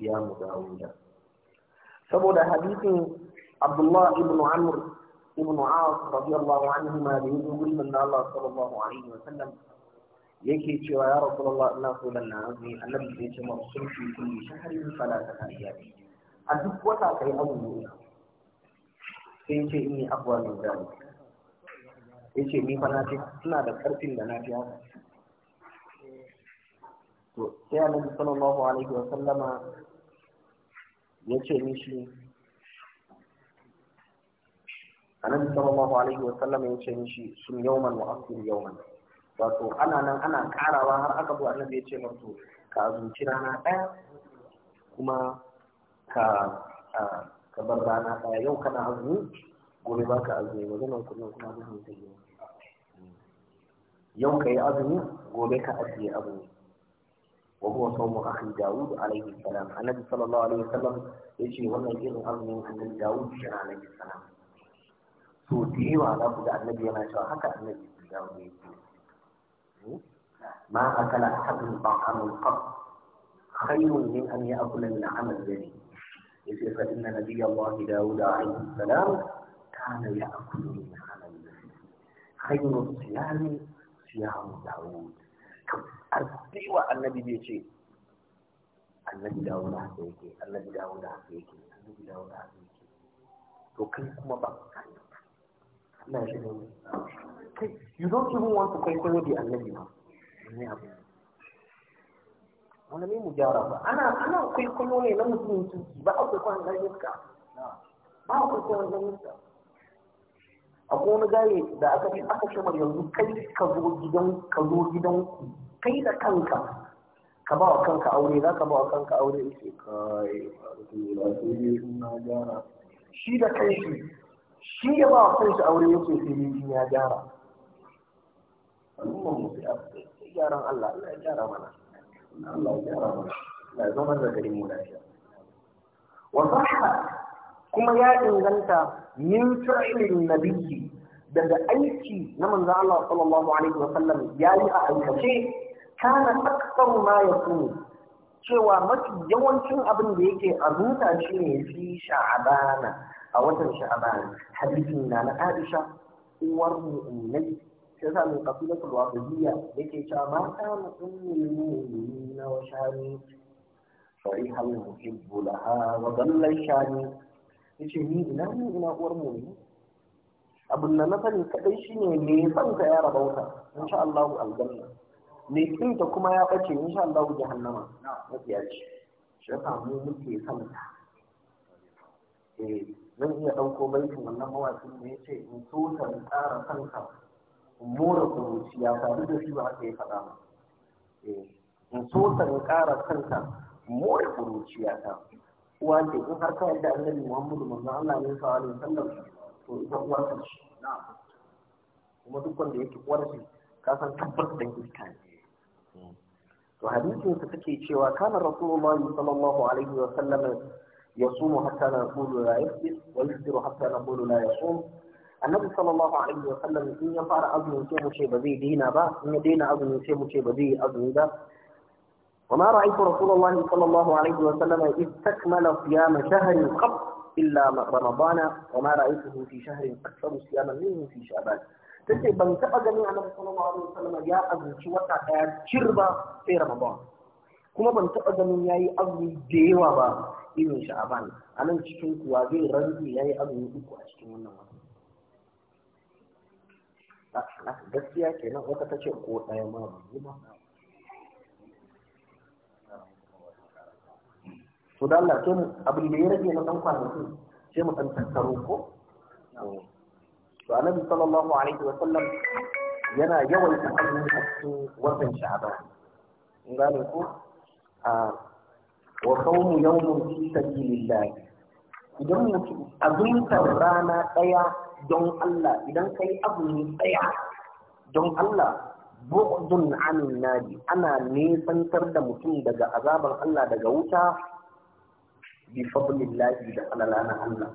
ya mu da saboda hadisin Abdullah ibn Amr ibn Aas radiyallahu anhu ma da yanzu gulmin da Allah sallallahu alaihi wa sallam yake cewa ya Rasulullah ina so lan na azumi annabi sai ya ce ma sun fi kulli shahri salata ayyami a duk wata kai azumi sai ya ce inni afwa min zalik ya ce ni fa na da karfin da na alaihi wa ya ce annabi sallallahu alaihi wa sallam ya ce mishi sun yawman wa asir yawman wato ana nan ana karawa har aka zo annabi ya ce wato ka azumci rana daya kuma ka ka bar rana daya yau kana azumi gobe ba ka azumi maganar kullum kuma ba mu yi yau ka yi azumi gobe ka ajiye abu wa huwa sawmu akhi daud alaihi salam annabi sallallahu alaihi wasallam yace wannan irin azumin annabi daud shi alaihi salam to su yi wa ku da annabi yana cewa haka annabi su ya wuce su hmm? ma a kala haɗin ba amin kaf khairun min an yi akula min amal gari ya ce fa inna nabi Allah da wuda a yi salam kana ya akula min amal gari khairun siyami siyamu da wuce a wa annabi bai ce annabi da wuda haka yake annabi da wuda haka yake annabi da wuda haka yake to kai kuma ba ka yi na shi ne you don't even want to kwaikwayo da annabi ba ne abu wani mu gyara ba ana ana kwaikwayo ne na mutum kirki ba a kwakwan ganin ba a kwakwan ganin A akwai wani gaye da aka fi aka shi mai yanzu kai ka zo gidan ka zo gidan ku kai da kanka ka ba wa kanka aure za ka ba wa kanka aure ce kai ba su ne na gyara shi da kanshi shi ya ba kan shi aure yake sai ni ya gyara al'ummar mu sai gyaran Allah Allah ya gyara mana Allah ya gyara mana Allah ya zama da garin mu shi. wa kuma ya inganta min fi'lin nabiyyi daga aiki na manzon Allah sallallahu alaihi wa sallam yi a aikace kana aksaru ma yakunu cewa mafi yawancin abin da yake a zuta shi ne fi sha'abana a watan sha'aban hadisin na na aisha uwar mu'minai sai sa mai kafilatul waqidiyya yake cewa ma kana ummul mu'minin wa shani صريحا يحب لها وضل الشاني yace ni ina ni ina uwar mu ne abin da na sani kadai shine me san ka ya rabauta insha Allah aljanna me kin ta kuma ya bace insha Allah jahannama Na ce shi ka mu muke san ta eh zan iya ɗauko baitin wannan mawaƙin da ya ce in so ta in ƙara kanka in more kuruci ta faru da shi ba haka ya faɗa ba eh, in so ta in ƙara kanka in more ya ta uwa ce in har ka yadda annabi muhammadu manzo Allah ne sa alaihi sallam to ita uwa ta ce kuma duk wanda yake uwar ce ka san tabbas dan iska ne hmm. to hadisin sa take cewa kana rasulullahi sallallahu alaihi wa sallam يصوم حتى لا يقول لا يفتر ويفتر حتى لا يقول لا يصوم النبي صلى الله عليه وسلم ان يفعل اذن يسيم شيء بذي دينا با ان دينا اذن يسيم شيء بذي اذن دا وما رايت رسول الله صلى الله عليه وسلم اذ تكمل صيام شهر قط الا رمضان وما رايته في شهر اكثر صياما منه في شعبان تسي بنتقى جميع النبي صلى الله عليه وسلم يا اذن شوكا شربا في رمضان كما بنتقى جميع اذن ديوا با irin sha'aban a nan cikin kuwa zai rantsi ya yi azumi uku a cikin wannan wata ah, gaskiya kenan wata ta ce ko ɗaya ma ba ba to da Allah sai mu abin da ya rage na ɗan kwanaki sai mu ɗan tattaro ko to annabi sallallahu alaihi wa sallam yana yawan azumi a cikin watan sha'aban in gane ko a ah, wa kawo yawon fi sabilillah idan mutum azumtar rana ɗaya don Allah idan kai azumi ɗaya don Allah bu'dun anin nadi ana nesantar da mutum daga azabar Allah daga wuta bi fadlillahi da alalana Allah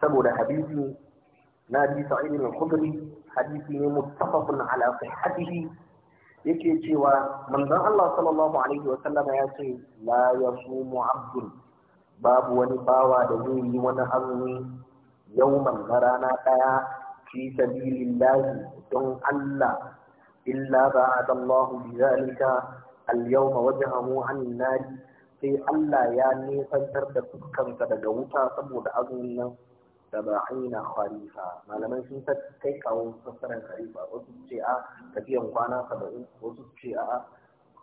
saboda hadisi na bi sa'id al-khudri hadisi ne muttafaqun ala sihhatihi yake cewa manzon Allah sallallahu alaihi wa sallama ya ce la yasumu abdun babu wani bawa da zai yi wani azumi yawman na rana daya fi sabilillahi don Allah illa ba'ada Allah bi zalika al-yawma wajhahu 'an Nadi!" sai Allah ya nisantar da fuskansa daga wuta saboda azumin nan saba'ina kharifa malamai sun kai kawo fassarar kharifa wasu ce a tafiyan saba'in wasu ce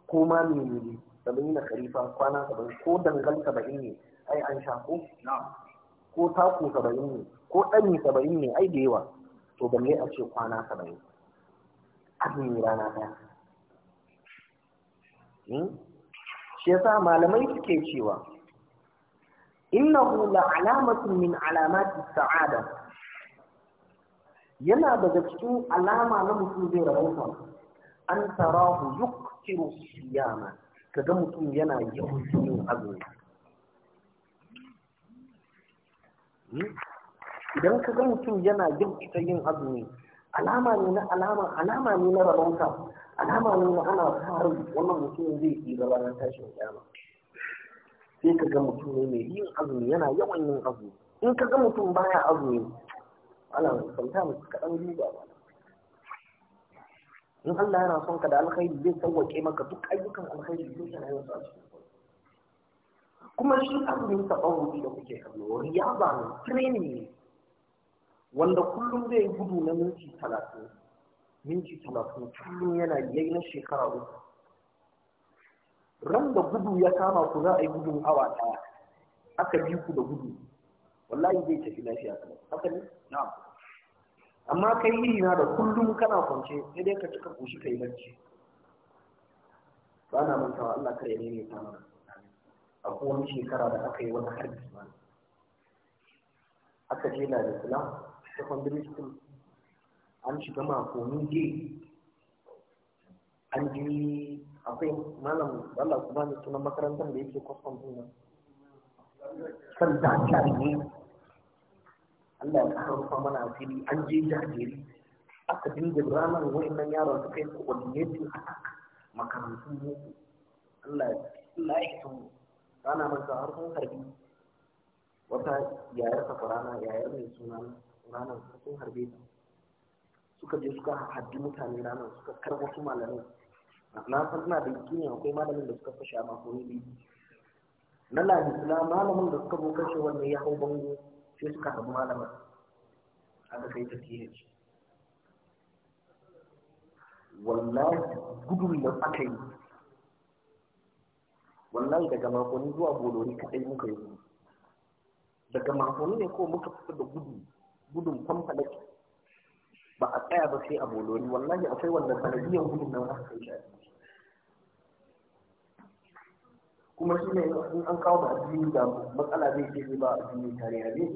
ko ma menene saba'ina kharifa saba'in ko dangal saba'in ne ai an sha ko ko taku saba'in ne ko ɗani saba'in ne ai da yawa to balle a ce kwana saba'in azumi rana ɗaya shi malamai suke cewa innahu la'alamatun min alamati sa'ada yana daga cikin alama na mutum zai rahoton an tarahu yukthiru siyama kaga mutum yana yawan yin idan ka ga mutum yana jirkita yin azumi alama ne na alama alama ne na rabonka alama ne na ana fara wannan mutum zai yi gaba tashin kyama sai ka ga mutum ne mai yin azumi yana yawan yin azumi in ka ga mutum baya azumi ana santa mu kaɗan duba ba in Allah yana son ka da alkhairi zai sauwaƙe maka duk ayyukan alkhairi zai yana yin azumi kuma shi azumin taɓaruri da kuke kallo riyaba ne training ne wanda kullum zai gudu na minti talatin minti talatin kullum yana yayi na shekara uku ran da gudu ya kama ku za a yi gudun awa ɗaya aka bi ku da gudu wallahi zai tafi lafiya kuma haka ne na'am amma kai iri na da kullum kana kwance sai dai ka cika koshi kai barci ba na mantawa Allah kare ne ne ta mana a kowane shekara da aka yi wani harbi ba aka je na da kula secondary school an shiga makonin je an ji akwai malam Allah ku bani sunan makarantar da yake kwasfam din nan san da jari Allah ya karfa mana asiri an je jajiri aka dinga ranar wa'annan yaron su kai coordinating attack makarantun boko Allah Allah ya san rana manta har sun harbi wata yayar ta rana yayar mai suna ranar sun harbe ta suka je suka haddi mutane ranar suka karɓo su malamai na san ina da yakini akwai malamin da suka fashe a makoni biyu na lalisa malamin da suka zo shi wanda ya hau bango sai suka hau malamin aka kai ta th wallahi gudun da aka yi wallahi daga makoni zuwa bolori kaɗai muka yi daga makoni ne ko muka fita da gudu gudun kwamfalaki ba a tsaya ba sai a bolori wallahi akwai wanda sanadiyan gudun nan ka kai shi kuma shi ne in an kawo ba addini da matsala zai ce ba a addini tare a zai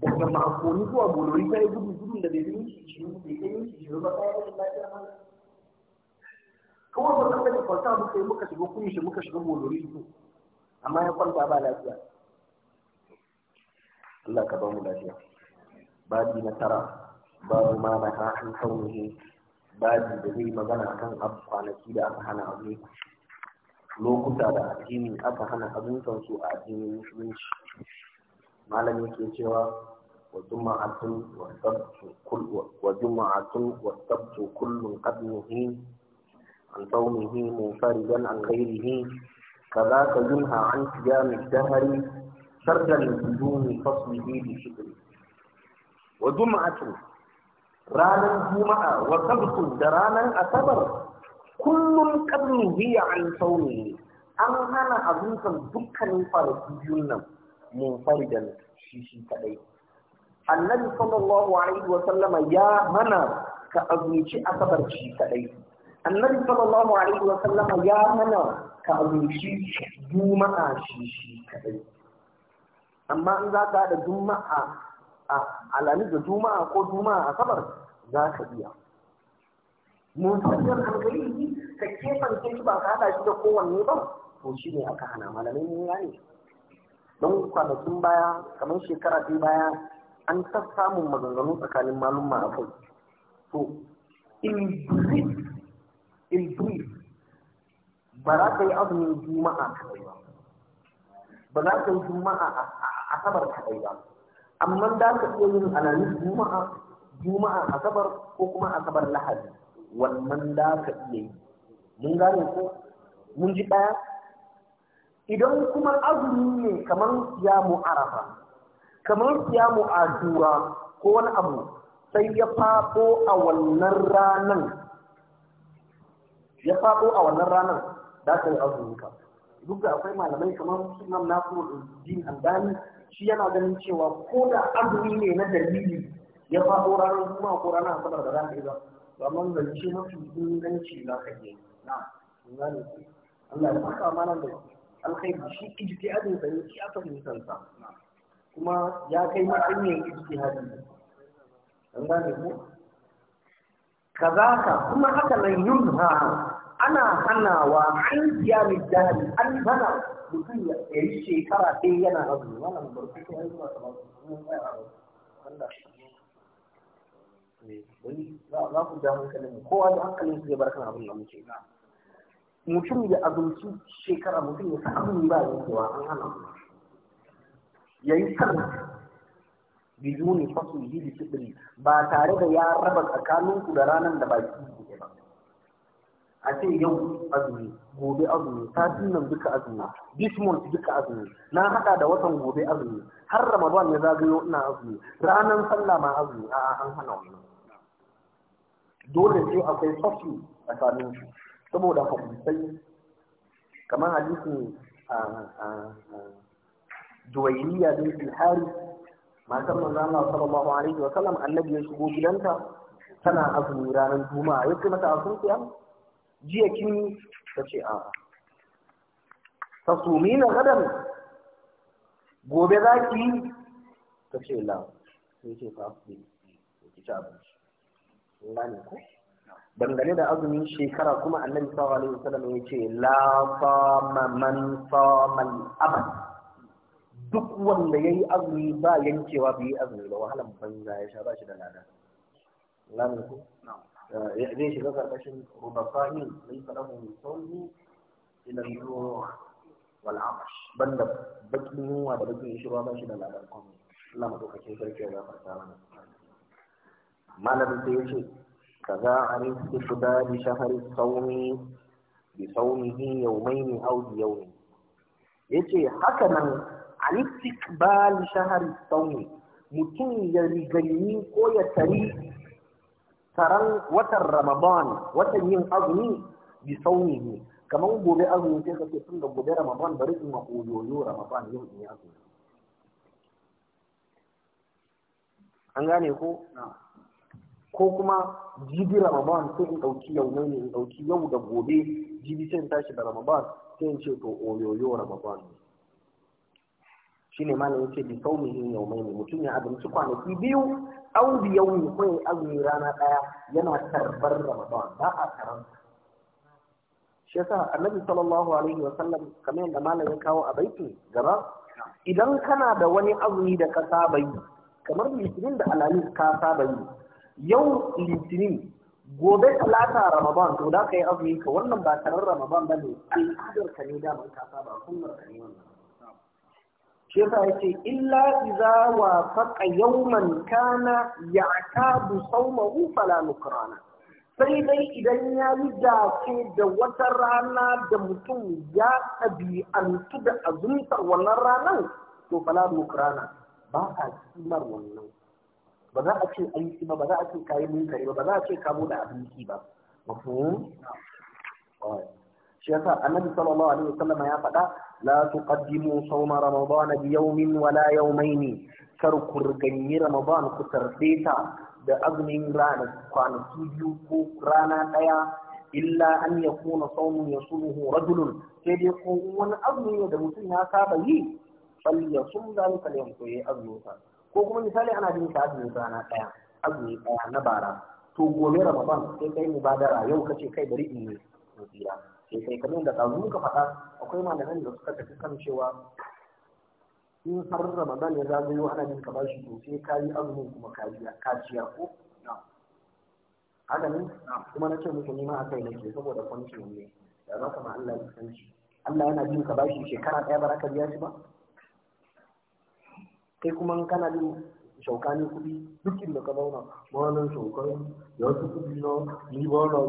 daga ma'akoni zuwa bolori ta gudun gudun da bai yi shi bai yi shi ba ta yi lafiya ba kawai ba kan da kwanta muka yi muka shiga kuma shi muka shiga bolori su amma ya kwanta ba lafiya Allah ka ba mu lafiya babi na tara babu ma na an kaunihi babi da zai magana kan abu kwanaki da aka hana abu lokuta da addini aka hana abincin su a addinin musulunci malam yake cewa wa juma'atun wa sabtu kull wa juma'atun wa sabtu kullun qad muhin an sawmihi munfaridan an ghayrihi كذاك ينهى عن صيام الدهر شرطا بدون فصله بشكره wa juma'atu ranar juma'a wa sabtu da ranar asabar kullum qablu hiya an sauni an hana abincin dukkanin kwanaki biyun nan mun faridan shi shi kadai annabi sallallahu alaihi wa sallama ya mana ka azumci asabar shi kadai annabi sallallahu alaihi wa sallama ya mana ka azumci juma'a shi shi kadai amma in za ka da juma'a a alamis da juma'a ko juma'a asabar za ka iya musamman hankali ka kefan shi ba ka hada shi da kowanne ba to shi ne aka hana malamai mun gane don kwanakin baya kamar shekara ta baya an ta samun maganganu tsakanin malum a kai to in brief in brief ba za ka yi azumin juma'a bai ba ba za ka yi juma'a asabar bai ba amma da ka iya yin alamis juma'a juma'a asabar ko kuma asabar lahadi wannan da ka iya yi mun gane ko mun ji ɗaya idan kuma azumi ne kamar ya arafa kamar ya adura ko wani abu sai ya faɗo a wannan ranan ya faɗo a wannan ranan da ka yi azumi ka duk da akwai malamai kamar sunan nasu din albani shi yana ganin cewa ko da azumi ne na dalili ya faɗo ranar kuma ko ranar asabar da za ka yi ba domin zance mafi inganci na ka yi na gane ku Allah ya saka mana da alkhairi shi ijtihadin sa ne shi aka fahimtar sansa. kuma ya kai matsayin ijtihadin an gane ku kazaka kuma haka nan yunha ana hanawa an kiyami jahili an hana mutum ya yi shekara ɗaya yana azumi wannan ba su kai zuwa kamar mun tsaya ba wanda wani za ku ja hankalin kowa da hankalin su zai bar kan abin da muke mutum ya azumci shekara mutum ya sa abin ba ya cewa an hana mu. ya yi sallah biduni fasu yi da ba tare da ya raba tsakaninku da ranar da baki ke ba a ce yau azumi gobe azumi satin nan duka azumi this month duka azumi na hada da watan gobe azumi har ramadan ya zagayo ina azumi ranan sallah ma azumi a an hana wannan dole sai akwai a tsakanin su saboda hadisai kamar hadisin juwailiya bin filhari matar manzo Allah sallallahu alaihi wa sallam annabi ya shigo gidanta tana azumi ranar juma'a ce mata a sun jiya kin tace ce a ta sumi na gadan gobe za ki ta ce la sai ce fa su ki ci abinci ne ko dangane da azumin shekara kuma annabi sallallahu alaihi wasallam ya ce la fa man man abad duk wanda yayi azumi ba yankewa bai azumi ba wahalan banza ya sha ba shi da lada lamin ko na'am zai shiga karkashin rubasahin mai faɗahu mai sauri ila ruwa wal'amash banda bakin yunwa da bakin shi ba shi da ladan komai Allah madaukakin sarki ya gafarta mana malamin sai ya ce ka kaza an istiqda bi shahri sawmi bi sawmihi yawmayn aw bi yawmin yace haka nan an istiqbal shahri sawmi mutum ya rigayi ko ya tari taron watan ramadan watan yin azumi bi ne kamar gobe azumi sai ka ce tun da gobe ramadan bari in oyoyo ramadan yau in yi azumi an gane ko ko kuma jibi ramadan sai in ɗauki yau ne in ɗauki yau da gobe jibi sai in tashi da ramadan sai in ce to oyoyo ramadan ne shine malam yace bi saumihi yawmayn mutum ya azumci kwanaki biyu aw bi yawmi ko ya azumi rana daya yana tarbar ramadan ba a karan shi yasa annabi sallallahu alaihi wa sallam kamar yadda malam ya kawo a baiti gaba idan kana da wani azumi da ka saba yi kamar litinin da alamis ka saba yi yau litinin gobe talata ramadan to da ka yi azumi ka wannan ba tarar ramadan ba ne al'adar ka ne da ka saba sunnar ka ne wannan shi yasa yace illa idza wafaqa yawman kana ya'tabu sawmahu fala nukrana sai dai idan ya yi dace da wata rana da mutum ya ɗabi'antu da azumtar wannan ranar to fala nukrana ba a kimar wannan ba za a ce aiki ba ba za a ce kayi munkari ba ba za a ce kamo da abinci ba mafhum shi yasa annabi sallallahu alaihi wasallam ya faɗa لا تقدموا صوم رمضان بيوم ولا يومين كركر غني رمضان كترتيتا da azumin rana kwanaki biyu ko rana ɗaya illa an ya kuna saunin ya sunuhu rajulun sai dai ko wani azumi da mutum ya saba yi fal ya sun zalika da yanko ya ko kuma misali ana jin ka azumin rana ɗaya azumi ɗaya na bara to gobe ramadan sai kai mubadara yau kace kai bari in yi tsira sai sai kamar da ta muka faɗa akwai malaman da suka tafi kan cewa in har ramadan ya zagayo ana jin kamar shi to sai ka yi azumin kuma ka ciya ko haka ne kuma na ce muku nima a kai nake saboda kwanci ne da za ka ma Allah ya kanci Allah yana jin ka bashi shekara ɗaya ba ka biya shi ba kai kuma kana jin shauka ne kuɗi duk inda ka zauna malam shaukar ya ci kuɗi na ni ba na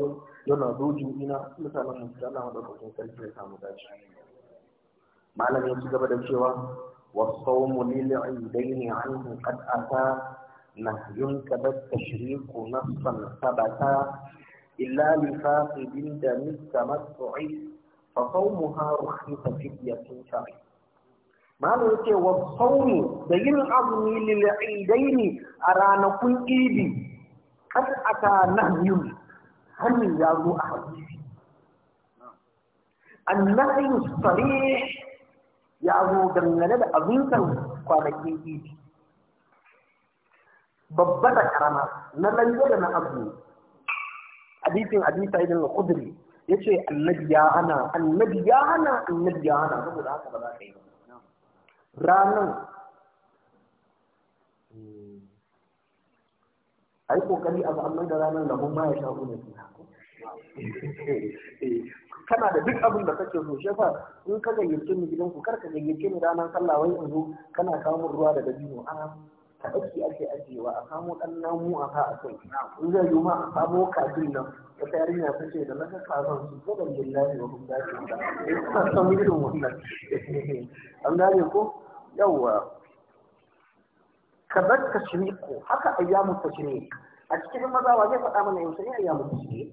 yana dojin ina mutanen mu da Allah madaukakin sarki ya samu dace malam ya ci gaba da cewa wa sawmu lil aidaini anhu qad ata nahyun kada tashriku nafsan sabata illa li faqidin da mistamattu'i fa sawmuha rukhsa fidyatin sa'i malam ya ce wa sawmu da yin azumi lil aidaini a ranakun idi qad ata nahyun هل يعلو أحد النهي الصريح يعلو دمنا لدى أبنك قالك ببدا كرما نلن يدنا أبو حديث حديث أيضا الخضري يشي النبي أنا النبي أنا النبي أنا نعم. رانا a yi kokari a ba'amman da ranar da ma ya sha ne kana da duk abin da kake so shefa in ka gayyace ni gidanku kar ka gayyace ni ranar sallah wai in zo kana kawo ruwa da dabino a ka ɗauki ake ajewa a samo dan namu a ka a kai in zai yi ma a samo kafin nan wata yarinya ta ce da na ka kazan su gaban billahi wa hum dace da ina san irin wannan an gane ko yawwa kabar ko haka ayyamu tashriq a cikin maza wa zai faɗa mana yaushe ne ayyamu tashriq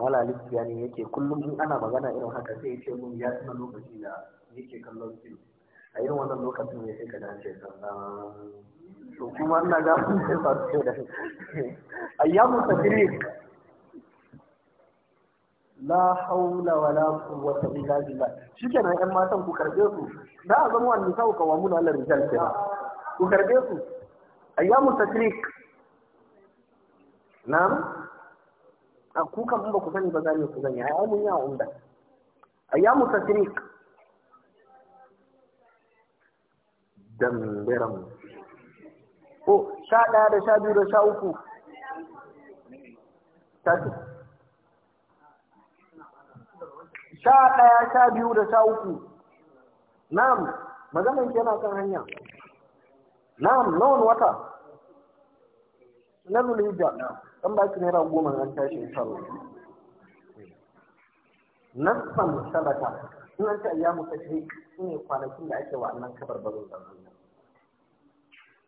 wala likiya ne yake kullum in ana magana irin haka sai ya ce mun ya tuna lokaci da yake kallon fim a irin wannan lokacin ne sai ka dace sannan to kuma ina ga mun sai ba su da ayyamu tashriq لا حول ولا قوة إلا بالله شو كان أنا ما تنكو كربيتو لا أظن أن نساو قوامون على الرجال كنا كربيتو أيام التشريك نعم أكوكا مبا كفاني بزاني وكفاني أيام يا عمدا أيام التشريك دم برم أو شاء لا شاء بيرو شاء أكو sha ɗaya sha biyu da sha uku na'am maganin ke yana kan hanya na'am nawan wata na hijja ɗan ba ki naira goma na tashi insha Allah nassan sabata in an ce ayyamu tashrik ne kwanakin da ake wa annan kabar bazan da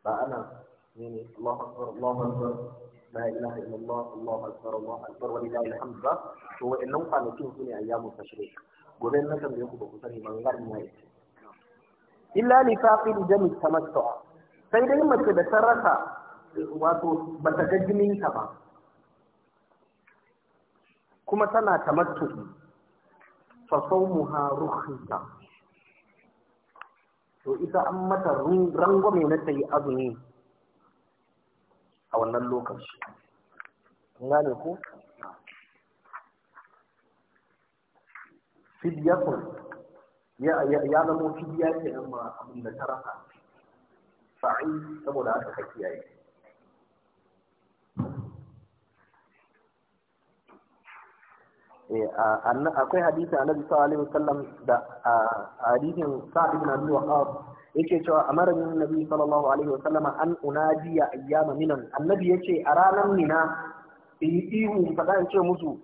ba ana ne ne Allahu akbar Allahu akbar la ilaha illallah Allahu akbar Allahu akbar wa lillahi alhamd to kwanakin sune ayyamu tashrik gobe na ba ku sani ba ngar mu illa li faqid jami tamattu sai dai mace da ta rasa wato ba ta ga jinin ta ba kuma tana tamattu fa sawmuha rukhsa to ita an mata rangwame na tayi azumi a wannan lokaci gane ku fidyakun ya zamo fidya ke nan ma abin da ta rasa sa'i saboda haka ka kiyaye eh, akwai hadisi annabi sallallahu alaihi wasallam da hadisin sa'id ibn abi waqas yake cewa a amarani Nabi sallallahu alaihi wa sallama an yi ayyama minan annabi yace a ranar mina in ihu faɗa in ce musu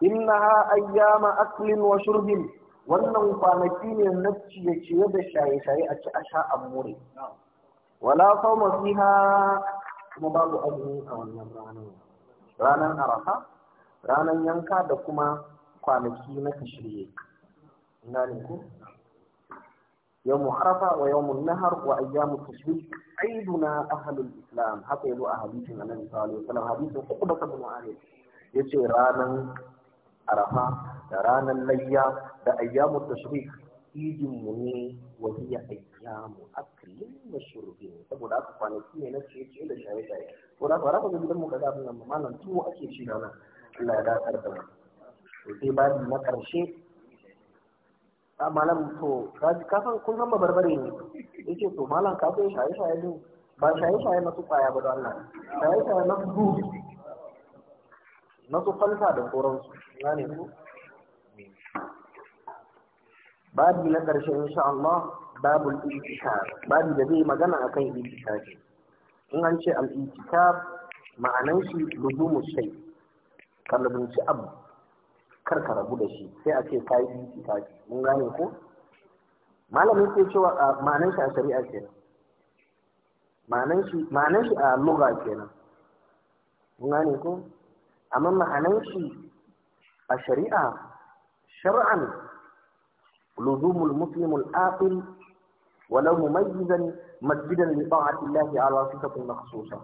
yi ayyama aklin wa shurbin wannan kwanaki ne na ciye-ciye da shaye-shaye a ci a sha a more wala masu ha kuma babu azumi a wannan ranar ranar arafa ranar yanka da kuma kwanaki na kashirye ina ne ku يوم عرفة ويوم النهر وأيام التشريق عيدنا أهل الإسلام حتى يلو أحاديث النبي صلى الله عليه وسلم حديث عقبة بن عامر يجي رانا عرفة رانا الليا دا أيام التشريق عيد مني وهي أيام أكل وشرب saboda haka kwanaki ne na ciye-ciye da shaye-shaye ko da fara kuma gidan mu kaza abin nan malam tuwo ake ci rana Allah ya dakar da mu to sai babu na karshe Ah, malam to kafan kun san babarbare ne yake to malam ka san shaye shaye ne ba shaye shaye na kwaya ba don Allah shaye shaye na su na su falsa da su na ne ku babi na karshe insha Allah babul ba. babi da zai magana akan itikaf in an ce al itikaf ma'anan shi luzumu shay shi abu kar ka rabu da shi sai a ce ka yi ittifaqi mun gane ko malamin ke cewa ma'anar shi a shari'a kenan ma'anar shi ma'anar shi a lugha kenan mun gane ko amma ma'anar shi a shari'a shar'an luzumul muslimul aqil ولو مميزا مسجدا لطاعة الله على صفة مخصوصة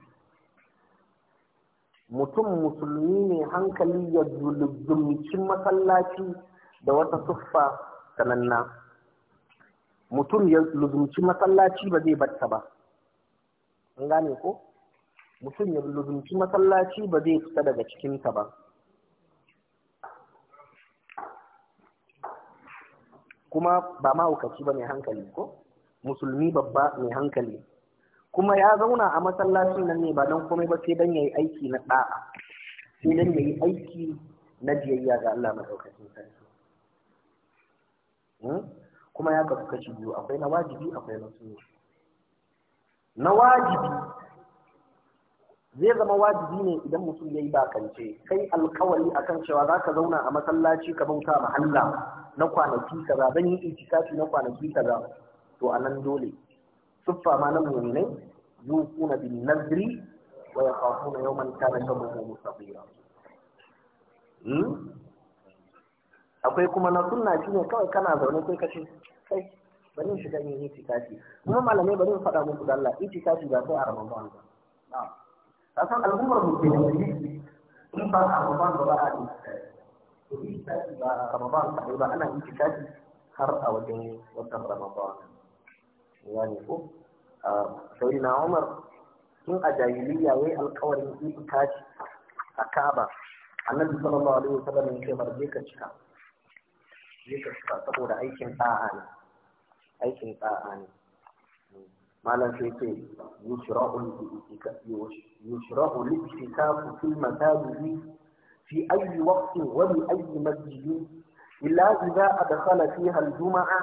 mutum musulmi ne hankali ya zulubci masallaci da wata suffa sananna mutum ya luzumci masallaci ba zai batta ba an gane ko mutum ya luzumci masallaci ba zai fita daga cikinta ba kuma ba mahaukaci ba mai hankali ko musulmi babba mai hankali kuma ya zauna a masallacin nan ne ba don komai ba sai don ya yi aiki na ɗa'a sai don ya yi aiki na biyayya ga Allah maɗaukakin sarki hmm? kuma ya kasu kashi biyu akwai na wajibi akwai na sunna na wajibi zai zama wajibi ne idan mutum yayi yi bakance kai alkawari akan cewa za ka zauna a masallaci ka bauta ma Allah na kwanaki kaza zan yi itikafi na kwanaki kaza to a nan dole tuffa ma na mu'minai yuquna bin nazri wa yakhafuna yawman kana shabuhu mustaqira akwai kuma na sunna shine kawai kana zaune sai ka ce kai bari shiga yin itikafi kuma malamai bari in faɗa muku da Allah itikafi ba sai a Ramadan ba ka san al'ummar mu ke in ba a Ramadan ba ba a itikafi ba a Ramadan kaɗai ba ana itikafi har a wajen watan Ramadan yani ko سيدنا عمر في من أجايلية في إيكاج الكعبة النبي صلى الله عليه وسلم من كبر ديكا شكا ديكا شكا تقول أي شيء تاعان أي شيء تاعان ما لن شيء يشرع الاكتساب في المساجد في أي وقت ولأي مسجد إلا إذا أدخل فيها الجمعة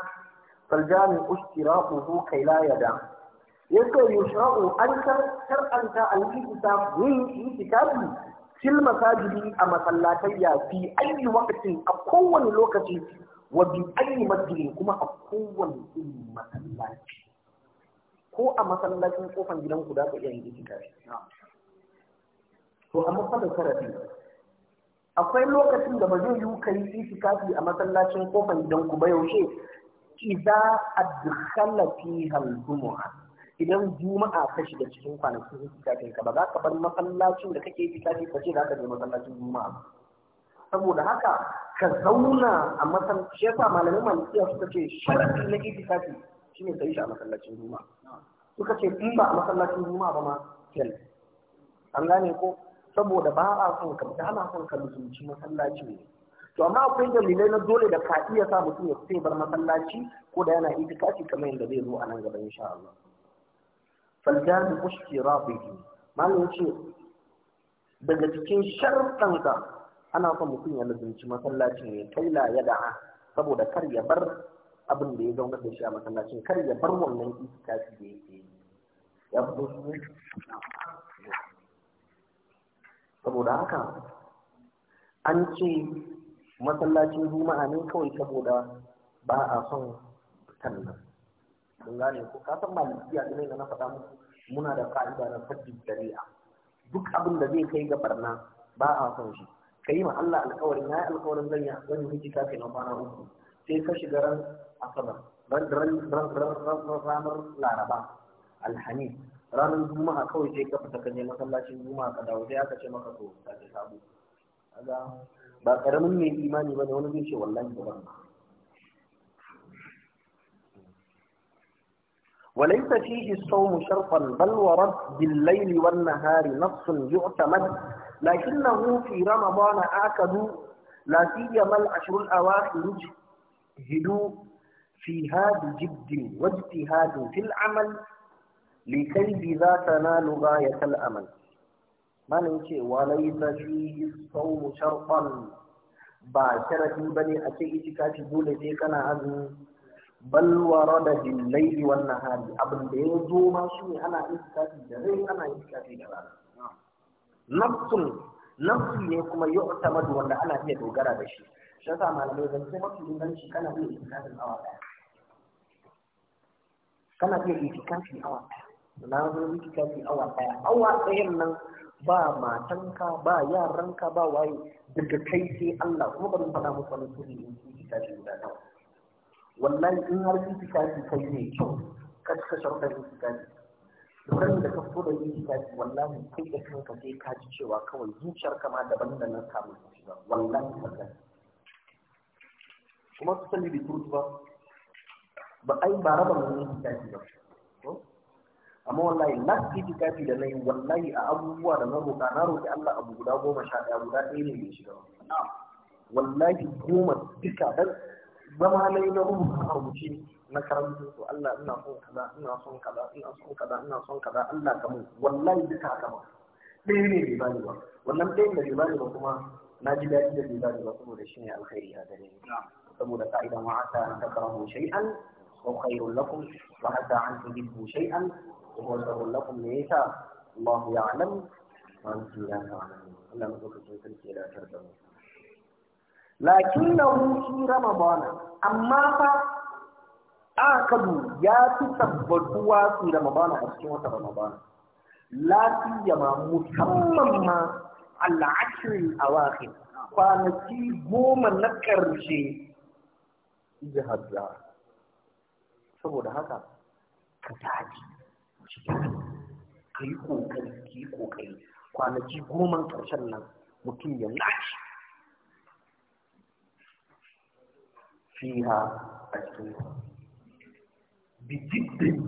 فالجامع اشتراكه كي لا يدع yake yushra'u an san an yi kitab yin kitabi fil masajidi a ya fi ayi waqtin a kowane lokaci wa bi ayi masjidin kuma a kowane irin masallaci ko a masallacin kofan gidan ku da ku iya yin kitabi to amma fa sarari, sarafi akwai lokacin da ba zai yi kai itikafi a masallacin kofan gidan ku ba yaushe idza adkhala fiha al-jumu'ah idan juma'a ka shiga cikin kwanakin kafin ka ba za ka bar masallacin da kake kafin ka ce za ka je masallacin juma'a saboda haka ka zauna a masallaci yasa malamin malikiya suka ce sharadi na shi ne sai shi a masallacin juma'a suka ce in ba a masallacin juma'a ba ma kel an gane ko saboda ba a son ka da ana son ka mutunci masallaci ne to amma akwai dalilai na dole da ka iya sa mutum ya fita bar masallaci ko da yana itikafi kamar yadda zai zo a nan gaba insha Allah baldan ushtirabihi malam ce, daga cikin sharɗan da ana son mutum ya nazarci masallaci ya kai la ya da'a saboda kar ya bar abin da ya zauna da shi a masallacin kar ya bar wannan itikafi da yake yi ya fito su saboda haka an ce masallacin juma'a ne kawai saboda ba a son fitan nan kun gane ko ka san malikiya ne da na faɗa muku muna da ka'ida na fadin dariya duk abin da zai kai ga barna ba a son shi kai ma Allah alƙawarin yi alƙawarin zan yi zan yi hijira kai na kwana uku sai ka shiga ran asabar ran ran ranar laraba alhani ranar juma'a kawai sai ka fita ka je masallacin juma'a ka dawo sai aka ce maka to ka ji sabu ba karamin mai imani ba ne, wani zai ce wallahi ba wannan وليس فيه الصوم شرطا بل ورد بالليل والنهار نص يعتمد لكنه في رمضان آكدوا لا سيما العشر الأواخر اجتهدوا فيها بجد واجتهاد في العمل لكي بذا تنال غاية الأمل ما نيجي وليس فيه الصوم شرطا باشرة بني ba ne a ce itikafi bal rada bil layli wan nahari abin da ya zo ma shi ne ana iskafi da rai ana iskafi da rana nafsun nafsi ne kuma yu'tamadu wanda ana iya dogara da shi shi yasa malamai zan zance mafi inganci kana iya kafin awa daya kana iya itikafi awa daya na zo itikafi awa daya awa ɗayan nan ba matanka ba yaranka ba waye daga kai sai Allah kuma bari faɗa muku wani sirri in itikafi guda nawa wallahi in har itikafi kai ne kyau ka cika sharuɗar itikafi dukkan da ka fito da itikafi wallahi kai da kanka sai ka ji cewa kawai zuciyar ma daban da na samu zuciya wallahi wallahi kuma su sani da turu ba ba ai ba raba mun itikafi ba amma wallahi last itikafi da nayi wallahi a abubuwa da na roƙa na roƙi Allah abu guda goma sha ɗaya guda ɗaya ne mai shiga wallahi goma duka dan zama na yi na rubuta rubuce na karanta su Allah ina son kaza ina son kaza ina son kaza ina son kaza Allah ka mun wallahi duka haka ba ɗaya ne bai bani ba wannan ɗayan da bai bani ba kuma na ji daɗi da bai bani ba saboda shi ne alkhairi a gare ni saboda ka'idan wa ata an takrahu shay'an wa khairul lakum wa ata an tuhibbu shay'an wa huwa sharrul lakum ne yasa Allah ya'lam wa antum la ta'lamun Allah madaukakin sarki ya da mu Lakin lakinnahu fi ramadana amma fa akadu ya fi tabbatuwa da ramadana a cikin wata ramadana lafiya ma musamman ma al'ashirin awakhir kwanaki goma na ƙarshe hajja saboda haka ka taji ka yi ƙoƙari ka yi ƙoƙari kwanaki goma ƙarshen nan mutum ya fiha a cikin bijiddin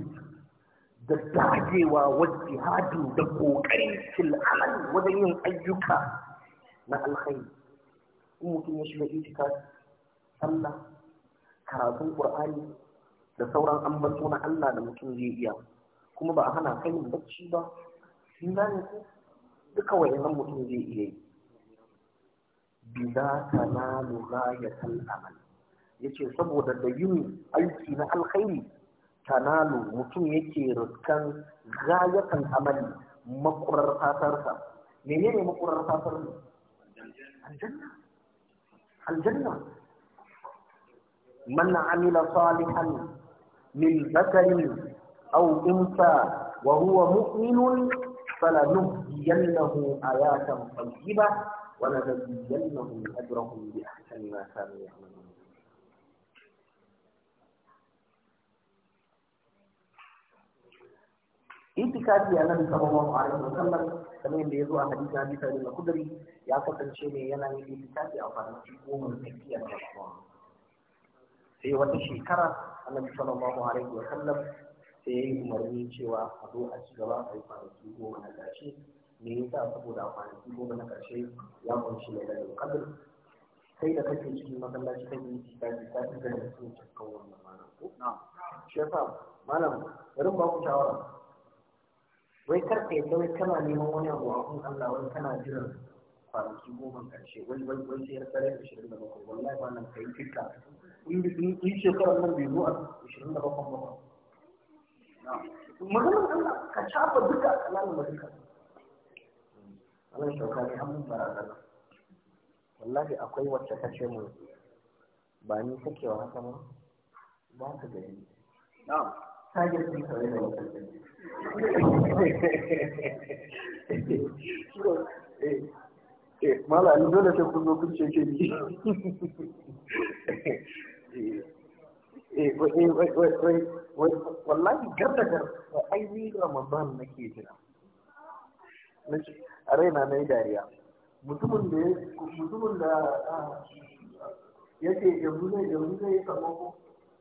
da dagewa wajen jihadin da ƙoƙarin fil'amal wajen yin ayyuka na alkhairi in mutum ya shiga itika sallah karatun qur'ani da sauran ambato na Allah da mutum zai iya kuma ba a hana kai bacci ba sun gane wayannan mutum zai iya yi bi za ta nalu Yake saboda da yin aiki na alkhairi ta nalu mutum yake rukan gayatan amali makurar fatarsa ne makurar fatar mu aljanna aljanna man amila salihan min zakari aw insa wa huwa mu'minun fala nuhyiyannahu ayatan tayyiba wa nadhiyannahu ajrahum bi ahsani ma kanu ya'malun itikafi a nan sallallahu alaihi wa sallam kamar yadda ya zo a hadisi hadisi da kudari ya kasance ne yana yin itikafi a kwanaki goma tsakiya na ramadan sai wata shekara annabi sallallahu alaihi wa sallam sai ya yi umarni cewa a zo a ci gaba a yi kwanaki goma na ƙarshe me yasa saboda a kwanaki goma na ƙarshe ya kunshi lailatul qadr kai da kake cikin masallaci kan yi itikafi ka fi ganin sun cikin wannan malam ko na shi yasa malam bari ba ku shawara wai karka yadda wai kana neman wani abu a kun Allah wai kana jiran kwanaki goma karshe wai wai wai sai sarai ashirin da bakwai wallahi nan kai fita in in shekarar nan bai zo a ashirin da bakwai ba maganar Allah ka shafa duka kalamin mazika Allah shauka ne an barazana wallahi akwai wacce ta ce mu ba ni sakewa haka ma ba ka gani ta gaske kare da wata Eh, mala ni dole sai kun zo kun ni eh, eh, wallahi gar da ai ni ramadan nake jira a raina na yi dariya mutumin da mutumin da ah, ya ce yanzu zai yanzu zai yi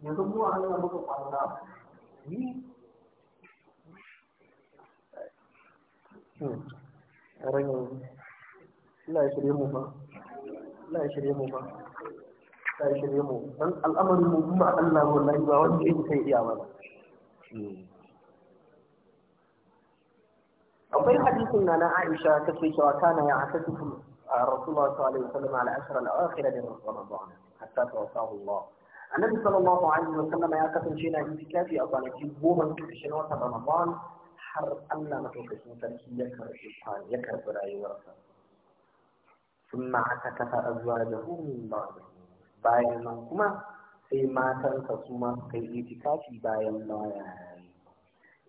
yanzu mu a hanyar muka ni ƙaramin Allah ya shirye mu ba Allah ya shirye mu ba Allah ya shirye mu dan al'amarin mu kuma Allah wallahi ba wanda yake kai iya ba akwai hadisin na na Aisha ta ce cewa kana ya akasifu Rasulullah sallallahu alaihi wasallam ala ashra al-akhir min Ramadan hatta tawaffahu Allah Annabi sallallahu alaihi wasallam ya kasance na itikafi a kwanaki goma na watan Ramadan har Allah madaukakin sarki ya karfi kwan ya karbi rayuwarsa sun ta kafa azuwa da hunin ba bayan nan kuma sai matansa su ma su kai itikafi bayan baya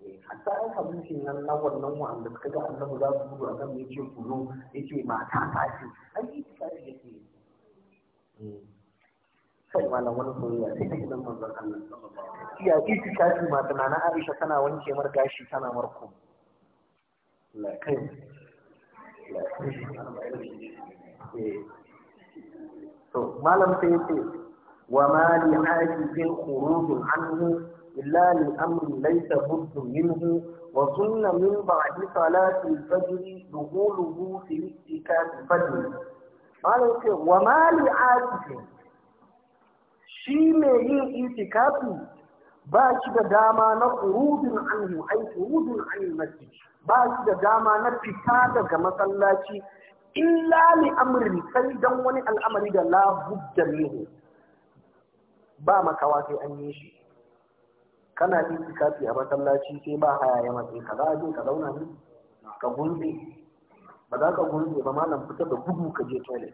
eh, hatta an samu nan na wannan wanda suka ga annabu za su zuwa kan yake kulo yake mata ta ce an itikafi yake eh. kai malam wani soyayya sai ta gidan manzon Allah iya ita kafi ma na Aisha tana wanke mar gashi tana marko la kai la kai eh. to malam sai yace wa ma li hajjin khurujun anhu illa li amrin laysa buddu minhu وسن من بعد صلاة الفجر دخوله في اتكاف الفجر قال وما لعاتب shi mai yin itikafi ba shi da dama na urudin anhu ai urudin anil masjid ba shi da dama na fita daga masallaci illa li amri sai dan wani al'amari da la budda minhu ba makawa sai an yi shi kana itikafi a masallaci sai ba haya ya matsayi ka za a je ka zauna ne ka gunze. ba za ka gunze ba malam fita da gudu ka je toilet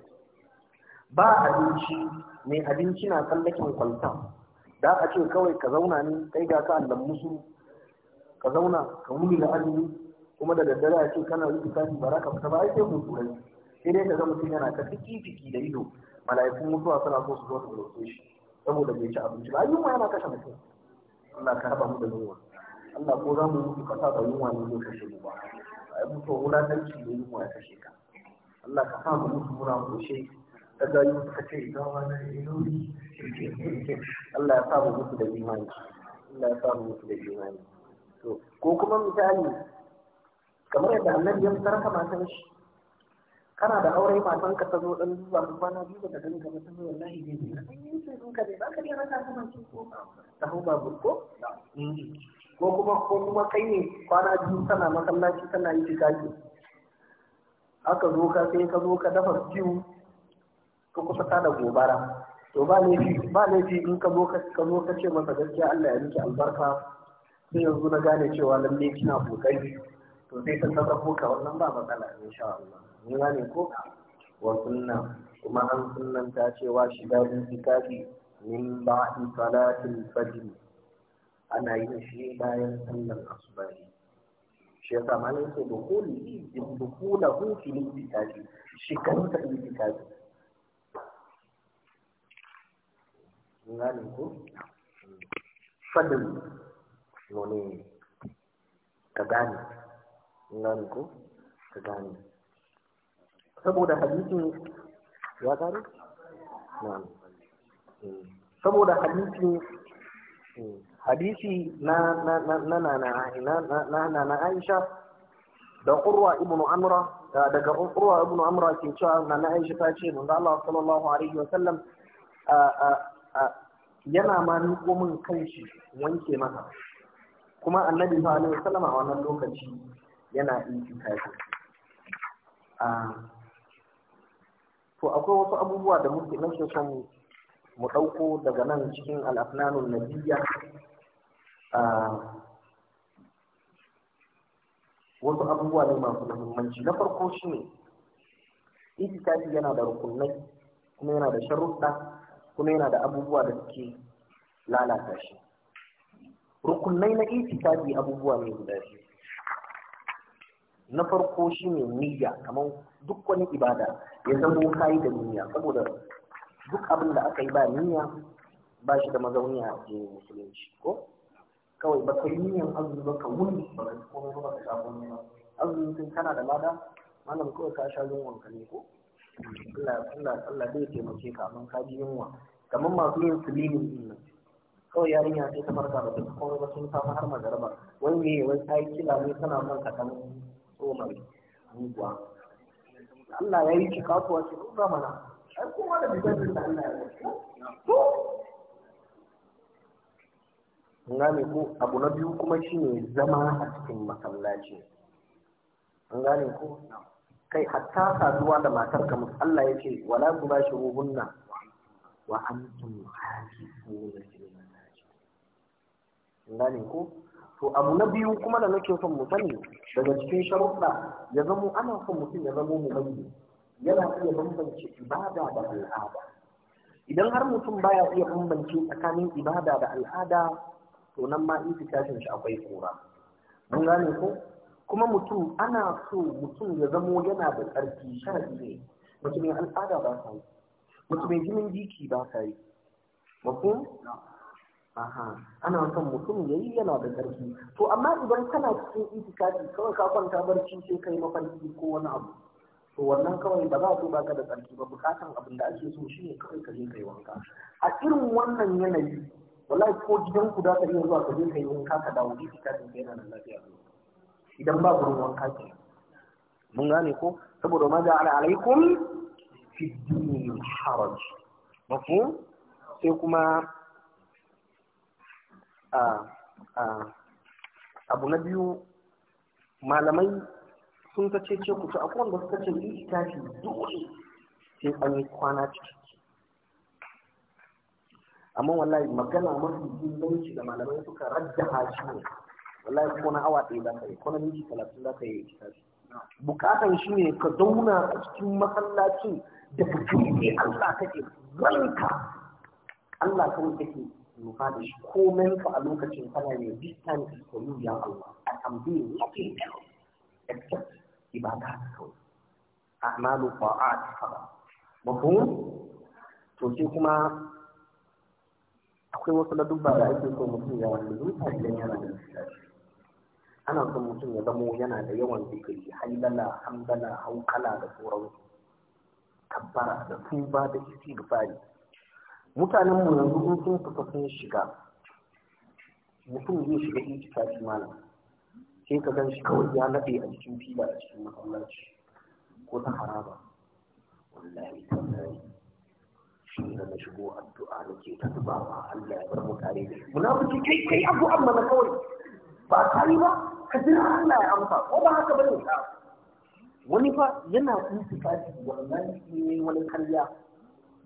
ba abinci mai abinci na tsallakin kwalta da a ce kawai ka zauna ne kai ga ka Allah musu ka zauna ka wuni da azumi kuma da daddare a ce kana yi tsari ba za ka fita ba ai sai mutu ai sai dai ka ga mutum yana ta fiki fiki da ido mala'ikun mutuwa suna so su zo su roƙe shi saboda bai ci abinci ba yunwa yana kashe mutum Allah ka raba mu da yunwa Allah ko za mu yi ka sa ba yunwa ne zai kashe mu ba ai mutuwa wulatanci ne yunwa ya kashe ka Allah ka sa mu mutu muna koshe da gayu suka ce ina wani ilori Allah ya samu musu da imani Allah ya samu musu da imani to ko kuma misali kamar yadda annabi ya sarka matan shi kana da aure matan ka ta zo dan zuwa ka kwana biyu ba ta gani ka mutum wallahi ne ne an yi sai in ka dai ba ka dai rasa kuma ki ko ta hau babu ko ko kuma ko kuma kai ne kwana biyu tana masallaci tana yi tikaki aka zo ka sai ka zo ka dafa biyu ka kusa tada gobara to ba laifi ba laifi in ka zo ka ce masa gaskiya Allah ya miki albarka sai yanzu na gane cewa lalle kina kokari to sai ka sarrafo ka wannan ba matsala insha Allah ni gane ko wa sunna kuma an ta cewa shiga itikafi min ba'di salatil fajr ana yin shi bayan sallar asubahi shi yasa malam yake dukuli in dukulahu fil itikafi shi ta itikafi gane ko nune ka gane ko ka gane saboda hadisin ya gane saboda hadisin hadisi na na na na na na na Aisha da Urwa ibn Amra daga Urwa ibn Amra ke cewa na na Aisha ta ce manzo Allah sallallahu alaihi wasallam yana ma niko min kanshi wanke maka kuma annabi fa alaihi sallama a wannan lokaci yana itikafi a to akwai wasu abubuwa da muke nake son mu ɗauko daga nan cikin al'afnanun nabiya wasu abubuwa ne masu muhimmanci na farko shi ne yi yana da rukunai kuma yana da sharuɗa kuma yana da abubuwa da suke lalata shi rukunai na itikafi abubuwa ne guda biyu na farko shi ne niyya kamar duk wani ibada ya zama kayi da niyya saboda duk abin da aka yi ba niyya ba shi da mazauni a jini musulunci ko kawai ba ka yi niyyan azumi ba ka wuni ba ka komai ba ka sha komai ba azumi kana da lada malam kawai ka sha zuwan ka ne ko Allah Allah zai taimake ka mun ka ji yunwa kamar masu yin sulimin din nan kawai yarinya sai ta farka ba ta kawai ba sun samu har magaraba Wani ne wani ta yi kila ne tana son ka kan ne muguwa Allah ya yi cika kuwa ce ko ba mana ai kuma da bidan da Allah ya yi to an ne ko abu na biyu kuma shine zama a cikin masallaci an gane ko na'am kai hatta zuwa da matar ka Allah ya ce wala ku ba shi ruhunna wa antum hasibuna gane ko to abu na biyu kuma da nake son musani daga cikin sharuɗa ya zamo ana son mutum ya zamo mu bane yana iya bambance ibada da al'ada idan har mutum baya iya bambance tsakanin ibada da al'ada to nan ma fitashin shi akwai kura mun gane ko kuma mutum ana so mutum ya zamo yana da ƙarfi sharadi ne mutum ya al'ada ba sa yi mutum ya jinin jiki ba sa yi mafi aha ana son mutum ya yi yana da ƙarfi to amma idan kana cikin itikafi kawai ka kwanta barci sai kai mafarki ko wani abu to wannan kawai ba za a so baka da tsarki ba bukatan abin da ake so shine kawai ka je kai wanka a irin wannan yanayi wallahi ko gidan ku da ka iya zuwa ka je kai wanka ka dawo kai yana da lafiya idan ba gurin wanka ce mun gane ko saboda ma ja'ala alaikum fi dini haraj mafu sai kuma a a abu na biyu malamai sun ta ce ku ta akwai wanda suka ce littafi dole sai an yi kwana ciki amma wallahi magana mafi inganci da malamai suka radda shi ne wallahi ko na awa ɗaya za ka yi ko na minti talatin za ka yi kitabi bukatan shi ne ka zauna a cikin masallacin da ka kai Allah kake ranka Allah kan kake nufa da shi komen ka a lokacin kana ne this time is for you ya Allah I am doing nothing else except ibada kawai a'malu fa'at Ba ko to sai kuma akwai wasu ladubba da ake so mutum ya wani zuciya idan yana da lissafi ana son mutum ya zamo yana da yawan zikiri hailala hamdala haukala da sauransu tabbara da tuba da istighfari mutanen mu yanzu in sun fita sun shiga mutum zai shiga itikafi malam sai ka gan shi kawai ya nade a cikin fila a cikin masallaci ko ta haraba wallahi tallahi shi ne na shigo addu'a nake ta dubawa Allah ya bar mu tare da munafiki kai kai abu amma na kawai ba a kari ba ka jira Allah ya amsa ko ba haka bane ka wani fa yana intifati wannan shi ne wani kariya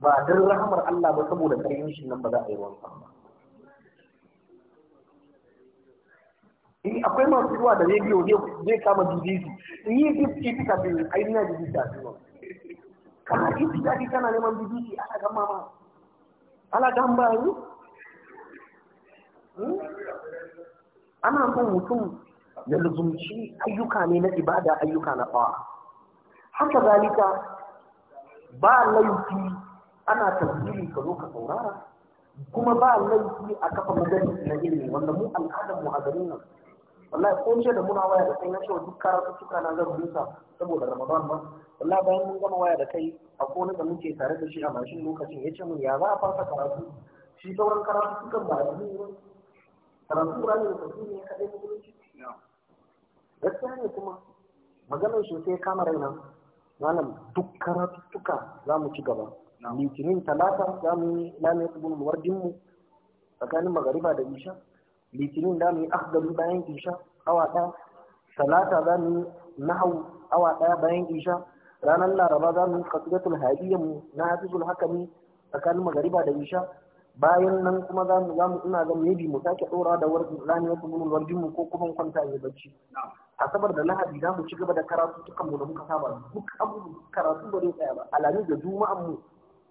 ba dan rahamar Allah ba saboda karyan shi nan ba za a yi ruwan sama in eh, akwai masu zuwa da rediyo zai kama bbc in yi bbc ta fi ainihin bbc a cikin kana bbc ta fi kana neman bbc a kan mama ala dan ana son mutum ya lizumci ayyuka ne na ibada ayyuka na fa'a haka zalika ba laifi ana tasiri ka zo ka saurara kuma ba laifi a kafa magani na ilimi wanda mu al'adar mu a garin nan wallahi ko ce da muna waya da kai na cewa duk karatu suka na zan rusa saboda ramadan ba wallahi bayan mun gama waya da kai a kone da muke tare da shi a mashin lokacin ya ce mun ya za a fasa karatu shi sauran karatu sukan ba a karatu ba ne da ne kaɗai musulunci gaskiya ne kuma maganar shi sai kama raina malam duk karatuttuka za mu ci gaba litinin talata za mu yi lamiyar ibn muwardin mu tsakanin magariba da isha litinin za mu yi afdalu bayan isha awa ɗaya talata za mu yi nahau awa ɗaya bayan isha ranar laraba za mu yi kasidatul hadiyya mu na hafizul hakami tsakanin magariba da isha bayan nan kuma za mu zamu ina ga maybe mu sake dora da warjin rani wasu kuma warjin mu ko kuma kwanta ya bacci asabar da lahadi za mu ci gaba da karatu tukan mu da muka saba duk abu karatu ba zai tsaya ba alamin da juma'an mu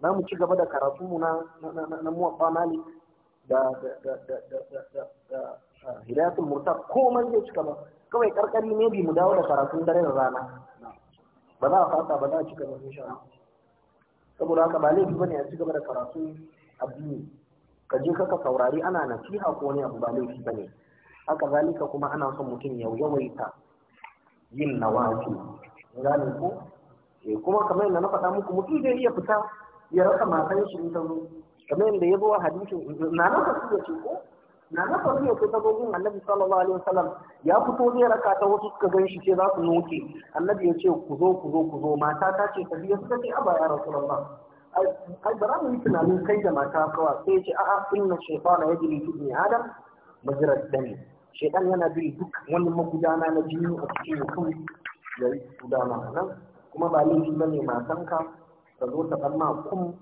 za mu ci gaba da karatu mu na na muwaffa malik da da da da da hidayatul komai zai ci gaba kawai karkari maybe mu dawo da karatun dare da rana ba za a fasa ba za a ci gaba insha Allah saboda haka ba laifi bane a ci gaba da karatu addini ka je kaka saurari ana nasiha ko wani abu ba laifi bane haka zalika kuma ana son mutum ya yawaita yin nawafi gane ko eh, kuma kamar yadda na faɗa muku mutum zai iya fita ya rasa matan shi in ta zo kamar yadda ya zo a hadisin na na fasu ya ce ko na na fasu ya ce ta zo annabi sallallahu alaihi wasallam ya fito zai raka ta wasu suka gan shi ce za su noke annabi ya ce ku zo ku zo ku zo mata ta ce ta biya suka ce abaya rasulullah ai ba mu yi tunanin kai da mata kawa sai ya ce a'a inna shaytana yajri fi ibn adam majrat dami shaytan yana bi duk wani magudana na jini a cikin mutum ya yi gudana nan kuma ba laifi bane matanka ka zo ta dan ma kum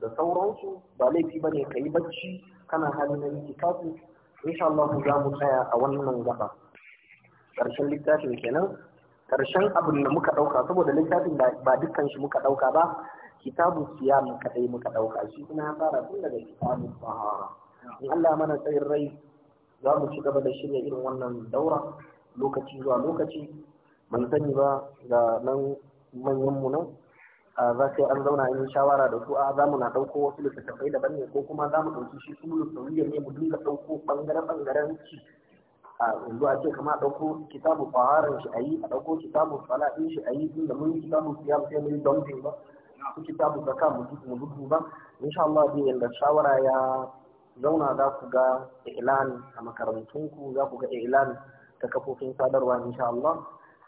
da sauransu ba laifi bane ka yi bacci kana hali na yi kafin insha Allah za mu tsaya a wannan gaba ƙarshen littafin kenan karshen abin da muka ɗauka saboda littafin ba dukkan shi muka ɗauka ba kitabu siyam kadai muka ɗauka shi kuma ya fara tun daga kitabu sahara in Allah mana tsayin rai za mu ci gaba da shirya irin wannan daura lokaci zuwa lokaci ban sani ba ga nan manyan mu nan za sai an zauna yin shawara da su a za mu na ɗauko wasu littattafai daban ne ko kuma za mu ɗauki shi kuma ne mu dinga ɗauko bangare bangaren ci a yanzu a ce kama a ɗauko kitabun faharar shi a yi a ɗauko kitabun sala'in shi a yi da mun kitabun siyam sai mun dumping ba su kitabun zaka mu dudu ba insha Allah zai yanda shawara ya zauna za ku ga ilan a ku za ku ga ilan ta kafofin sadarwa insha Allah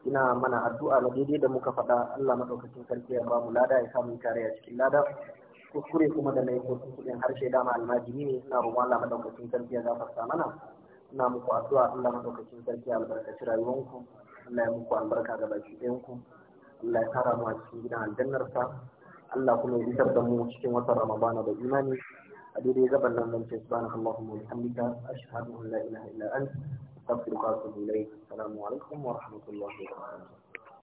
ina mana addu'a na daidai da muka faɗa Allah madaukakin sarki ya ba mu lada ya samu kare a cikin lada kuskure kuma da na yi kuɗin harshe dama almajiri ne ina roƙon Allah madaukakin sarki ya gafarta mana ina muku addu'a Allah madaukakin sarki albarkaci rayuwanku Allah ya muku albarka ga baki ɗayanku Allah ya tara mu a cikin gidan aljannarsa Allah kuma ya da mu cikin watan Ramadana da imani a daidai gaban nan nan ce subhanahu Allahumma wa bihamdika ashhadu an la ilaha illa anta astaghfiruka wa atubu ilayk assalamu alaikum wa rahmatullahi wa barakatuh